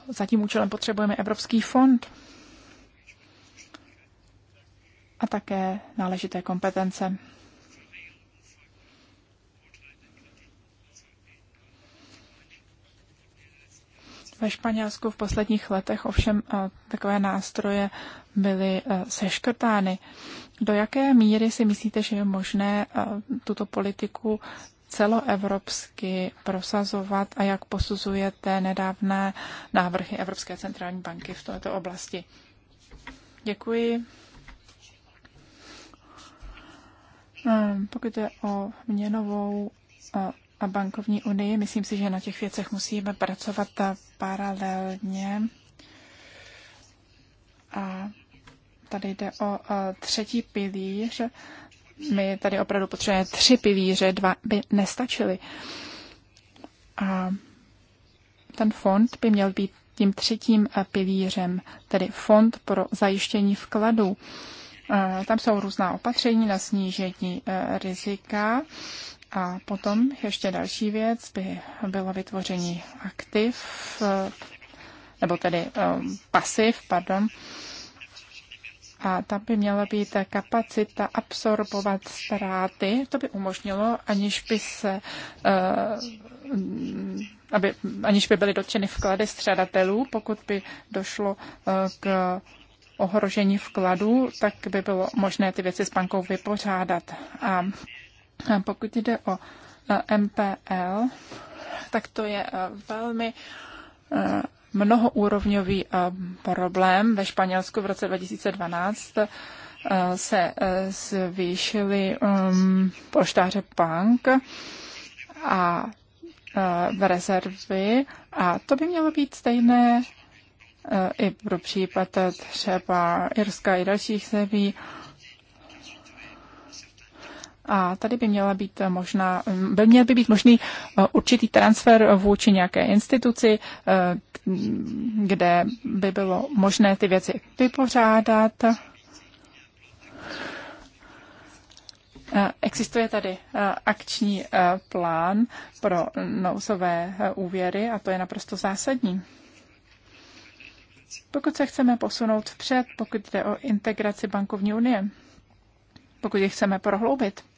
Za tím účelem potřebujeme Evropský fond a také náležité kompetence. Ve Španělsku v posledních letech ovšem takové nástroje byly seškrtány. Do jaké míry si myslíte, že je možné eh, tuto politiku celoevropsky prosazovat a jak posuzujete nedávné návrhy Evropské centrální banky v této oblasti? Děkuji. Eh, pokud je o měnovou eh, a bankovní unii, myslím si, že na těch věcech musíme pracovat paralelně. A tady jde o eh, třetí pilíř. My tady opravdu potřebujeme tři pilíře, dva by nestačily. A ten fond by měl být tím třetím eh, pilířem, tedy fond pro zajištění vkladů. Eh, tam jsou různá opatření na snížení rizika. A potom ještě další věc by bylo vytvoření aktiv, nebo tedy pasiv, pardon, a tam by měla být kapacita absorbovat ztráty. To by umožnilo, aniž by se eh, aby, aniž by byly dotčeny vklady střadatelů, pokud by došlo eh, k ohrožení vkladů, tak by bylo možné ty věci s bankou vypořádat. A pokud jde o eh, MPL, tak to je velmi mnohoúrovňový eh, problém. Ve Španělsku v roce 2012 eh, se eh, zvýšily ehm, poštáře bank a v rezervy a to by mělo být stejné i pro případ třeba Irska i dalších zemí. A tady by měla být možná, by měl by být možný eh, určitý transfer vůči nějaké instituci, eh, kde by bylo možné ty věci vypořádat. Eh, existuje tady akční plán pro nouzové úvěry a to je naprosto zásadní. Pokud se chceme posunout vpřed, pokud jde o integraci bankovní unie, pokud ji chceme prohloubit,